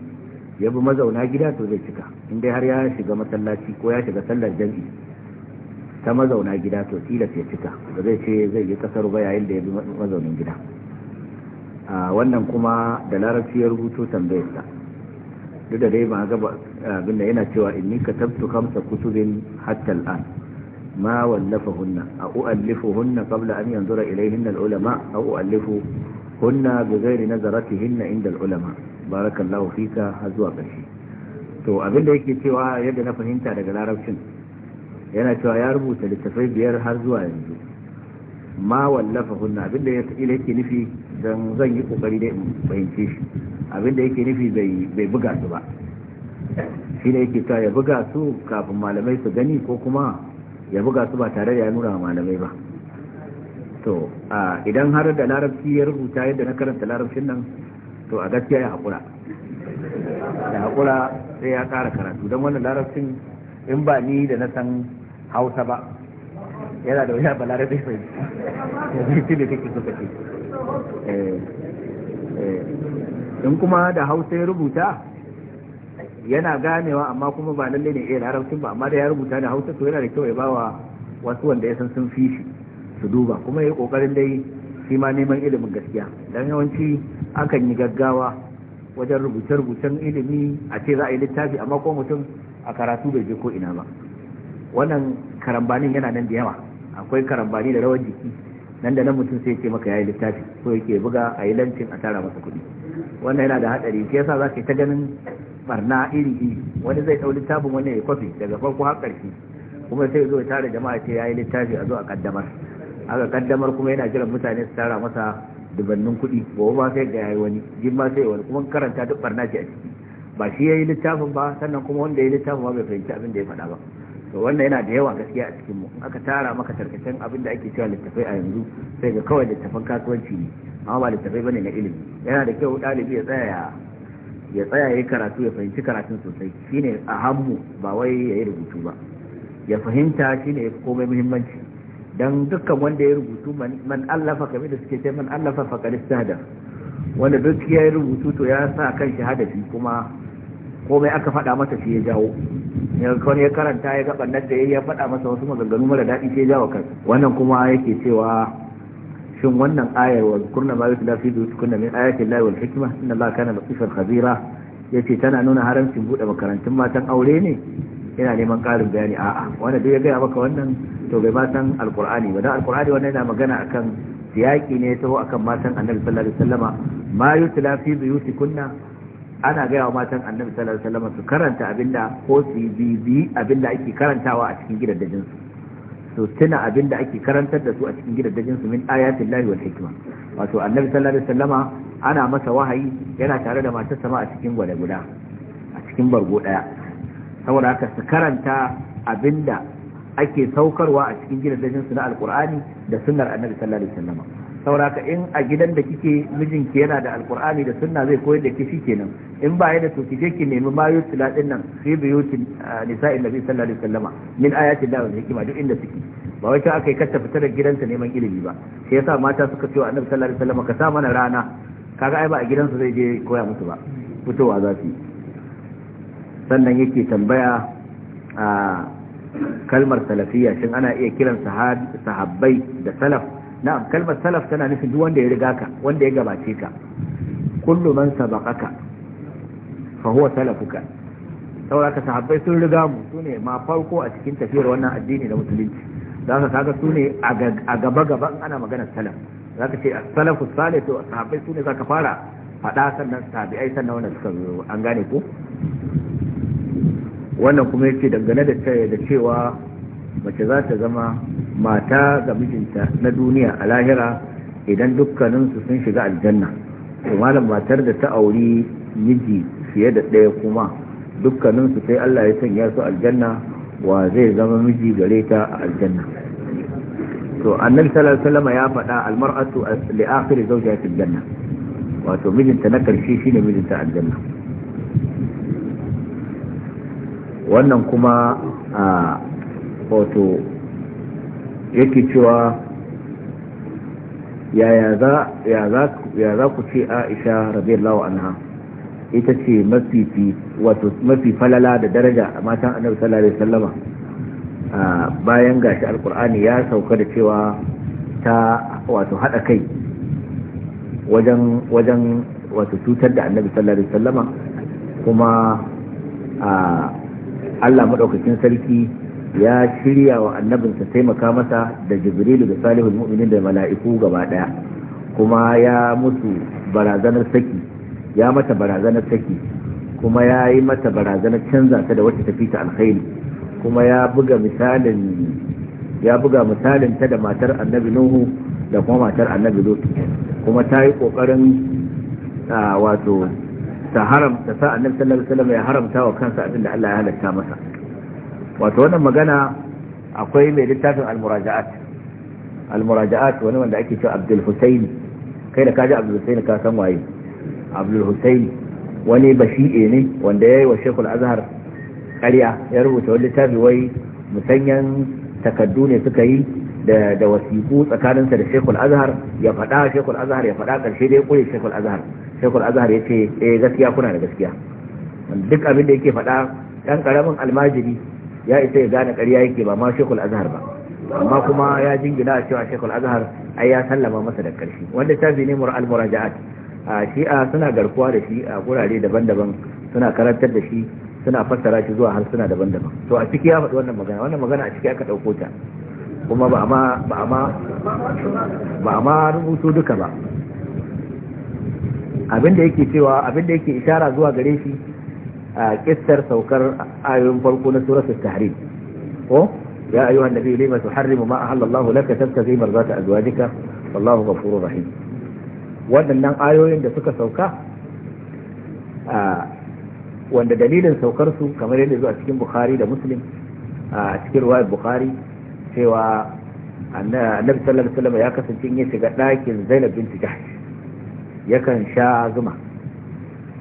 ya bi mazauna gida to zai cika in dai har ya shiga masallaci ko ya shiga sallar jam'i ta mazauna gida to tilas ya cika ba zai ce zai yi kasar ba yayin da ya bi mazaunin gida ah, wannan kuma da larabci ya rubuto ta. duk da dai ba gaba abinda yana cewa inni katabtu kamsa kutubin hatta al'an ma hunna a hunna qabla an yanzura ilayhinna al'ulama aw guzairi bi ghairi nazaratihinna inda ulama barakallahu fika har zuwa ƙarshe to abinda yake cewa yadda na fahimta daga larabcin yana cewa ya rubuta littafai biyar har zuwa yanzu ma wallafa hunna abinda ya yake nufi don zan yi kokari da in fahimce shi abinda yake nufi bai buga su ba shi ne yake ta ya buga su kafin malamai su gani ko kuma ya buga su ba tare da ya nuna malamai ba to idan har da larabci ya rubuta yadda na karanta larabcin nan to a gaskiya ya haƙura da haƙura sai ya kara karatu don wannan larabcin in ba ni da na san hausa ba yana da wuya balarabe mai yanzu ne take suka ce eh, eh. in kuma da hausa ya rubuta yana ganewa amma kuma ba lalle ne iya larabcin ba amma da ya rubuta da hausa to yana da kyau ya bawa wasu wanda ya san sun fi shi su duba kuma ya yi kokarin dai shi ma neman ilimin gaskiya don yawanci akan yi gaggawa wajen rubuce-rubucen ilimi a ce za a yi littafi amma ko mutum a karatu bai je ko ina ba wannan karambanin yana nan da yawa akwai karambani da rawar jiki nan da nan mutum sai ce maka yayi littafi ko yake buga a yi lancin a tara masa kuɗi wannan yana da hatsari ke yasa za ka ta ganin barna iri iri wani zai ɗau littafin wani ya kwafi daga farko har ƙarshe kuma sai zo ya tara jama'a ce yayi littafi a zo a kaddamar aka kaddamar kuma yana jiran mutane su tara masa dubannin kuɗi ba ba sai ga yayi wani jin ba sai wani kuma karanta duk barna ce a ciki ba shi yayi littafin ba sannan kuma wanda yayi littafin ba bai fahimci abin da ya faɗa ba to wannan yana da yawa gaskiya a cikin mu aka tara maka tarkacen abin da ake cewa littafai a yanzu sai ga kawai littafan kasuwanci ne amma ba littafai bane na ilimi yana da kyau dalibi ya tsaya ya tsaya ya karatu ya fahimci karatun sosai shine a hammu ba wai ya yi rubutu ba ya fahimta shine ya komai muhimmanci dan dukkan wanda ya rubutu man allafa kamar da suke ce man allafa faqad istahda wanda duk ya rubutu to ya sa kan shi kuma komai aka faɗa masa shi ya jawo yanzu wani ya karanta ya gaba nan da ya faɗa masa wasu maganganu mara daɗi sai ya jawo kan wannan kuma yake cewa shin wannan ayar wa kurna ma yusla fi kunna min ayatin lahi wal hikma inna allaha kana latifan khabira yace tana nuna haramcin bude makarantun matan aure ne yana neman ƙarin bayani a'a wanda duk ya gaya maka wannan to bai ma san alqur'ani ba dan alqur'ani wannan yana magana akan siyaki ne ya taho akan matan annabi sallallahu alaihi wasallama ma yutla fi kunna ana gaya wa matan annabi sallallahu alaihi wasallam su karanta abinda ko su bibi abinda ake karantawa a cikin gidaddajin su su tuna abinda ake karantar da su a cikin gidaddajin su min ayatin lahi wal hikma wato annabi sallallahu alaihi wasallama ana masa wahayi yana tare da matar sama a cikin gwada guda a cikin bargo daya saboda haka su karanta abinda ake saukarwa a cikin gidaddajin su na alqur'ani da sunnar annabi sallallahu alaihi wasallama sauraka in a gidan da kike mijinki yana da alkur'ani da sunna zai koyar da kishi kenan in ba da to je ki nemi mayu tiladin nan fi buyutin ah, nisa'in nabi sallallahu alaihi wasallama min ayati da wal duk inda suke ba wai ta akai ka fita da gidanta neman ilimi ba sai yasa mata suka ce wa annabi sallallahu alaihi wasallama ka sa mana rana kaga ai ba a gidansa zai je koya musu ba fitowa za su yi sannan yake tambaya a ah, kalmar salafiya shin ana iya kiran sahabbai da salaf na'am kalmar salaf tana nufin duk wanda ya riga ka wanda ya gabace ka kullu man sabaqaka fa huwa salafuka saboda sahabbai sun riga mu sune ma farko a cikin tafiyar wannan addini da musulunci za ka kaga sune a gaba gaba ana maganar salaf za ka ce salafu salih to sahabbai sune za ka fara faɗa sannan tabi'ai sannan wannan suka zo an gane ko wannan kuma yake dangane da cewa mace za ta zama mata ga mijinta na duniya a lahira idan dukkaninsu sun shiga aljanna to malam matar da ta auri miji fiye da ɗaya kuma dukkaninsu sai Allah ya sanya su aljanna wa zai zama miji gare ta a aljanna to annabi sallallahu alaihi ya faɗa almar'atu li akhir zawjiha fil janna wato mijinta na karshe shine mijinta aljanna wannan kuma wato yake cewa ya za ku ce aisha rabin anha ita ce mafi falala da daraja a matan annabi sallallahu alaihi bayan gashi alkur'ani ya sauka da cewa ta wato hada kai wajen wajen wato cutar da annabi sallallahu alaihi kuma Allah maɗaukacin sarki ya shirya wa annabinsa taimaka masa da jibrilu da salihul mu'minin da mala'iku gaba daya kuma ya mutu barazanar saki ya mata barazanar saki kuma ya yi mata barazanar canza ta da wata tafi ta alkhairi kuma ya buga misalin ya buga misalin ta da matar annabi nuhu da kuma matar annabi lutu kuma ta yi kokarin wato ta haramta sa annabi sallallahu alaihi wasallam ya haramta wa kansa abin da Allah ya halatta masa wato wannan magana akwai mai littafin al-muraja'at al-muraja'at wani wanda ake cewa Abdul Husaini kai da kaji Abdul ka san waye Abdul Husaini wani bashi'e ne wanda yayi wa Sheikhul Azhar ƙarya ya rubuta wani littafi wai musanyan takaddu ne suka yi da da wasiƙu tsakaninsa da Sheikhul Azhar ya faɗa Sheikhul Azhar ya faɗa ƙarshe da ya ƙure Sheikhul Azhar Sheikhul Azhar ya ce eh gaskiya kuna da gaskiya duk abin da yake faɗa dan ƙaramin almajiri ya isa ya gane ƙarya yake ba ma shekul azhar ba amma kuma ya jingina a cewa shekul azhar ai ya sallama masa da ƙarshe wanda ta ne mura almura a shi'a suna garkuwa da shi a gurare daban-daban suna karantar da shi suna fassara shi zuwa harsuna daban-daban to a ciki ya faɗi wannan magana wannan magana a ciki aka ɗauko ta kuma ba ma ba ma ba ma rubutu duka ba abinda yake cewa abinda yake ishara zuwa gare shi a kissar saukar ayoyin farko na suratul tahrim ko ya ayyuhan nabi lima tuharrimu ma ahallallahu laka tabtazi marzata azwajika wallahu ghafurur rahim waɗannan ayoyin da suka sauka wanda dalilin saukar su kamar yadda zuwa cikin bukhari da muslim a cikin ruwayar bukhari cewa annabi sallallahu alaihi wasallam ya kasance ya shiga ɗakin zainab binti jahsh yakan sha zuma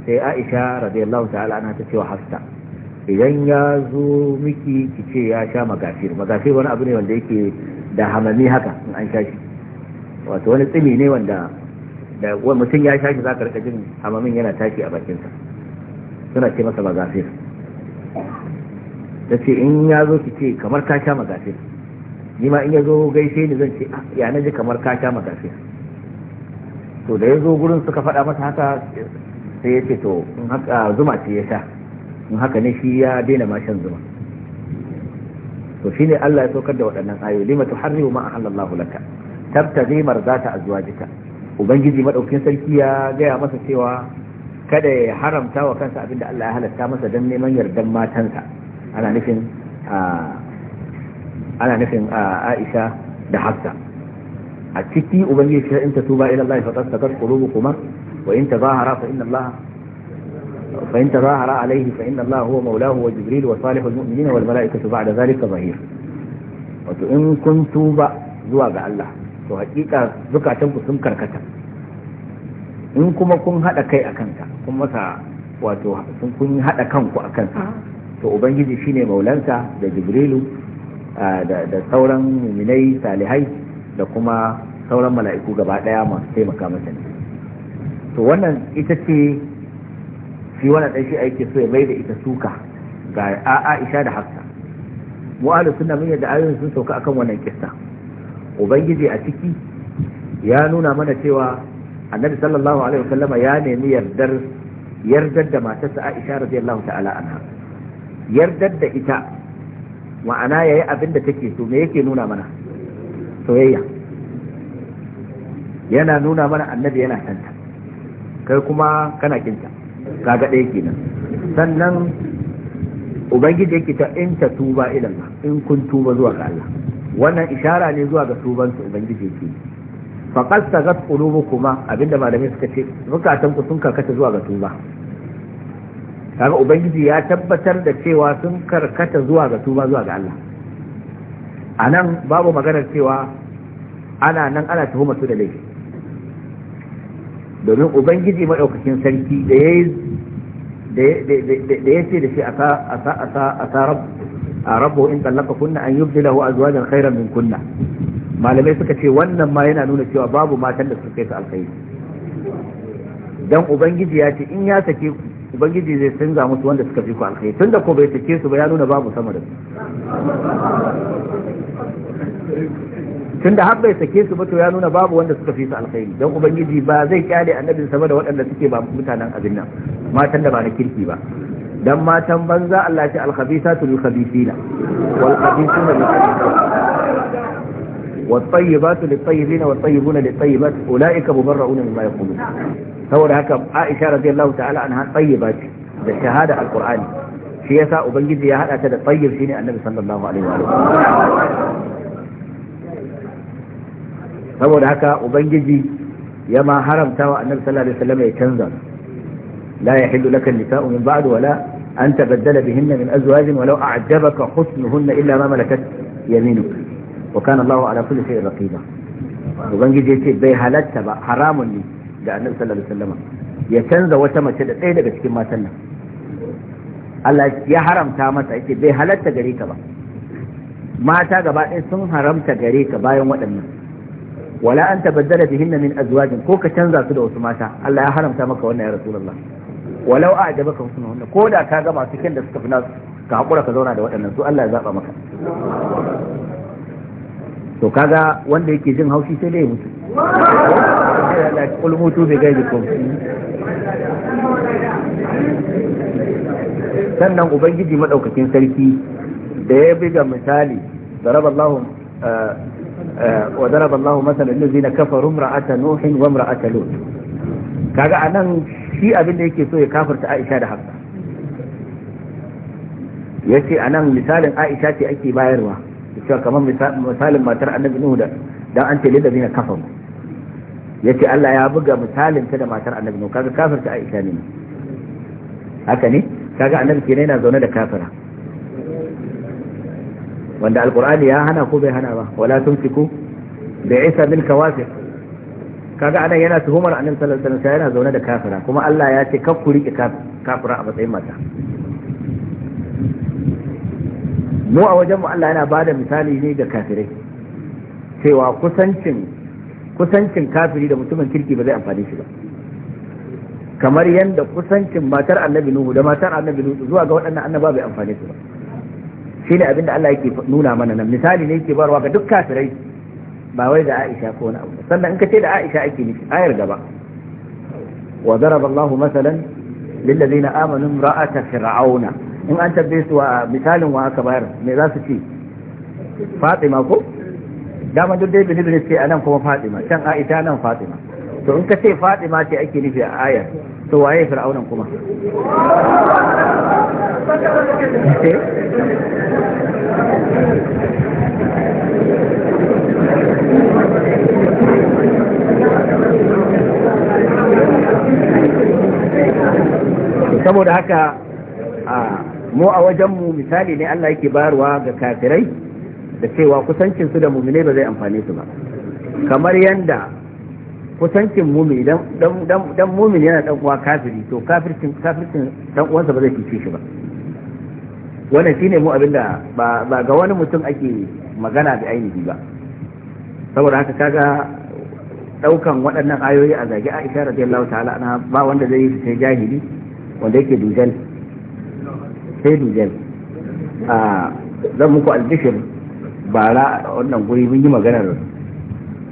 sai aisha radiyallahu ta'ala ana ta cewa hafsa idan ya zo miki ki ce ya sha magafir magafir wani abu ne wanda yake da hamami haka in an sha shi wato wani tsimi ne wanda da wani mutum ya sha shi za ka rika jin hamamin yana tashi a bakinsa suna ce masa magafir ta ce in ya zo ki ce kamar ka sha magafir ni ma in ya zo gaishe ni zan ce ah, ya na ji kamar ka sha magafir to da ya zo gurin suka faɗa masa haka sai ya ce to in haka zuma ce ya sha in haka ne shi ya daina ma shan zuma to shine Allah ya saukar da waɗannan ayoyi lima tuharrimu ma ahallallahu laka tabtaghi marzata azwajika ubangiji madaukin sarki ya gaya masa cewa kada ya haramta wa kansa abinda Allah ya halatta masa dan neman yardan matansa ana nufin ana nufin Aisha da Hafsa a ciki ubangiji ya ce in tuba ila Allah faqad sakat qulubukuma وإن تظاهر فإن الله فإن تظاهر عليه فإن الله هو مولاه وجبريل وصالح المؤمنين والملائكة بعد ذلك ظهير وإن كنتم zuwa ga Allah to hakika zukatanku sun karkata in kuma kun haɗa kai a kanka kun masa wato sun kun haɗa kanku a kansa to ubangiji shine maulansa da jibrilu da sauran muminai salihai da kuma sauran mala'iku gaba ɗaya masu taimaka masa ne to wannan ita ce shi wani ɗan shi ake so ya mai da ita suka ga Aisha da Hafsa mu ahlu sunna mun yadda ayoyin sun sauka akan wannan kissa ubangiji a ciki ya nuna mana cewa annabi sallallahu alaihi wasallama ya nemi yardar yardar da matarsa Aisha radiyallahu ta'ala anha yardar da ita ma'ana yayi abin da take so me yake nuna mana soyayya yana nuna mana annabi yana santa kai kuma kana kinta kaga ɗaya kenan sannan ubangiji yake ta in ta tuba idan in kun tuba zuwa ga Allah wannan ishara ne zuwa ga tuban su ubangiji yake qasta gat qulubukuma abinda malamai suka ce zukatan ku sun karkata zuwa ga tuba kaga ubangiji ya tabbatar da cewa sun karkata zuwa ga tuba zuwa ga Allah anan babu maganar cewa ana nan ana tuhumar su da laifi domin ubangiji maɗaukakin sarki da ya ce da shi a rabu in tsallaka kunna an yi bilahu a zuwa jan khairar min kunna malamai suka ce wannan ma yana nuna cewa babu matan da suka kai su alkhairi ubangiji ya ce in ya sake ubangiji zai canza musu wanda suka fi ku tun da ko bai sake su ba ya nuna babu sama da su tun da har bai sake su ba to ya nuna babu wanda suka fi su alkhairi dan ubangiji ba zai kyale annabin sama da waɗanda suke ba mutanen abin nan matan da ba na kirki ba dan matan banza Allah ce al-khabisatu lil-khabisina wal-khabisuna lil-khabisina والطيبات للطيبين والطيبون للطيبات أولئك مبرؤون مما يقولون هو هكا عائشة رضي الله تعالى عنها طيبات بالشهادة القرآن shi yasa ubangiji ya hada ta da tsayyib shine annabi sallallahu alaihi wa saboda haka ubangiji ya ma haramta wa annabi sallallahu alaihi wasallam ya canza la yahillu laka nisa'u min ba'd wala an tabaddala bihinna min azwajin walau a'jabaka husnuhunna illa ma malakat yaminuka wa kana Allahu ala kulli shay'in raqiba ubangiji yace bai halatta ba haramun ne ga annabi sallallahu alaihi wasallam ya canza wata mace da ɗaya daga cikin matan nan Allah ya haramta masa yace bai halatta gare ka ba mata gaba ɗaya sun haramta gare ka bayan waɗannan wala an tabaddala bihinna min azwajin ko ka canza su da wasu mata Allah ya haramta maka wannan ya rasulullah walau a ajaba ka husnu wannan ko da ka ga masu kyan da suka fina ka hakura ka zauna da waɗannan su Allah ya zaba maka to kaga wanda yake jin haushi sai dai mutu kul mutu bi gaibikum sannan ubangiji madaukakin sarki da ya buga misali ضرب الله eh, وضرب الله مثلا الذين كفروا امرأة نوح وامرأة لوط kaga anan shi abin da yake so ya kafirta Aisha da Hafsa yace anan misalin Aisha ce ake bayarwa cewa kamar misalin matar Annabi Nuhu da dan an tele da bina kafan yace Allah ya buga misalin ta da matar Annabi Nuhu kaga kafirta Aisha ne haka ne kaga Annabi kenan yana zaune da kafira wanda alkur'ani ya hana ko bai hana ba wala tumsiku da isa bil kawafir kaga anan yana tuhumar annabi sallallahu alaihi wasallam yana zaune da kafira kuma Allah ya ce kar ku rike kafira a matsayin mata mu a wajen mu Allah yana bada misali ne ga kafirai cewa kusancin kusancin kafiri da mutumin kirki ba zai amfani shi ba kamar yadda kusancin matar annabi nuhu da matar annabi nuhu zuwa ga waɗannan annaba bai amfani su ba Shi shine abinda Allah yake nuna mana nan misali ne yake barwa ga duk kafirai ba wai da Aisha ko wani abu sannan in ka ce da Aisha ake nufi ayar gaba wa daraba Allah masalan lil ladina amanu ra'ata fir'auna in an tabbe su wa misalin wa aka bayar me za su ce Fatima ko dama duk dai bilibili ce anan kuma Fatima can Aisha nan Fatima to in ka ce Fatima ce ake nufi a ayar to waye fir'aunan kuma saboda haka mu a wajenmu misali ne Allah yake bayarwa ga kafirai da cewa kusancinsu da muminai ba zai amfane su ba kamar yanda kusancin mumi dan mumin yana dan uwa kafiri to kafircin kafircin dan uwansa ba zai fice shi ba wannan shine mu abinda ba ba ga wani mutum ake magana da ainihi ba saboda haka kaga daukan waɗannan ayoyi a zage Aisha radiyallahu ta'ala anha ba wanda zai yi sai jahili wanda yake dujal sai dujal a ah, zan muku albishir bara wannan guri mun yi maganar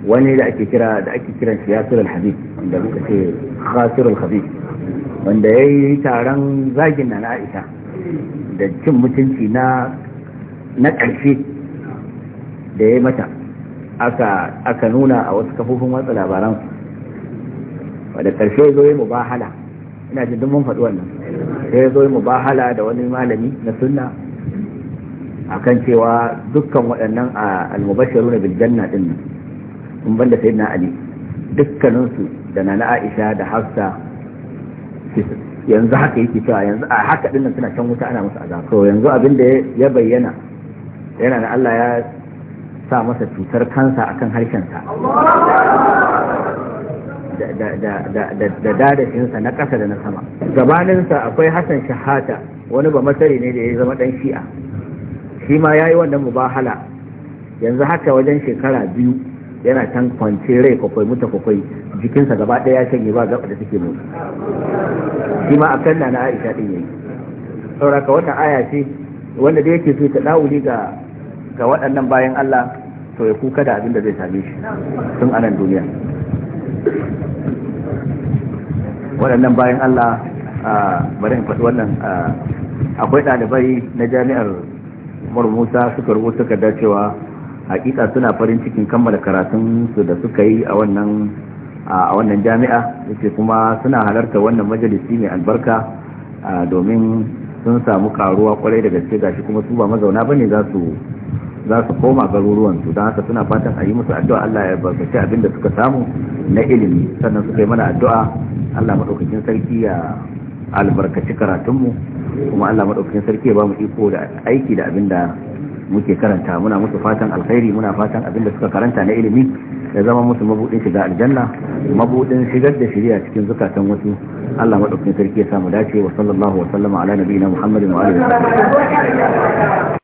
wani da ake kira da ake kiran shi yasir al-habib wanda muka ce khasir al-habib wanda yayi taron zagin na Aisha da cin mutunci na na ƙarshe da yi mata aka aka nuna a wasu kafofin watsa labaran wanda ƙarshe zo yi mubahala ina jin mun faɗi wannan sai zo yi mubahala da wani malami na sunna akan cewa dukkan waɗannan al-mubashiruna bil ɗin din in banda na ali dukkaninsu da na Aisha da Hafsa yanzu haka yake cewa yanzu a haka din nan suna can wuta ana musu azaba to yanzu abin da ya bayyana yana da Allah ya sa masa cutar kansa akan harshen sa da da na kasa da na sama gabaninsa akwai hassan shahata wani ba masari ne da ya zama ɗan shi'a shi ma ya wannan mubahala yanzu haka wajen shekara biyu yana can kwance rai kwakwai muta kwakwai jikinsa gaba ɗaya ya shanye ba gaba da suke motsi shi ma a na na aisha din yayi sauraka wata aya ce wanda da yake so ta dawuli ga ga waɗannan bayan Allah to ya kuka da abin da zai same shi tun a nan duniya waɗannan bayan Allah bari in faɗi wannan akwai ɗalibai na jami'ar Umar Musa suka rubuta suka dacewa hakika suna farin cikin kammala karatun su da suka yi a wannan a wannan jami'a yake kuma suna halarta wannan majalisi mai albarka domin sun samu karuwa kwarai da gaske gashi kuma su ba mazauna bane za su za su koma garuruwan su don haka suna fatan a yi musu addu'a Allah ya barkaci abin da suka samu na ilimi sannan suka yi mana addu'a Allah madaukakin sarki ya albarkaci karatunmu kuma Allah madaukakin sarki ya ba mu iko da aiki da abin da muke karanta muna musu fatan alkhairi muna fatan abin da suka karanta na ilimi ya zama musu mabudin shiga aljanna mabudin shigar da a cikin zukatan wasu Allah madaukakin sarki ya samu dace wa sallallahu wa sallama ala nabiyina Muhammadin wa alihi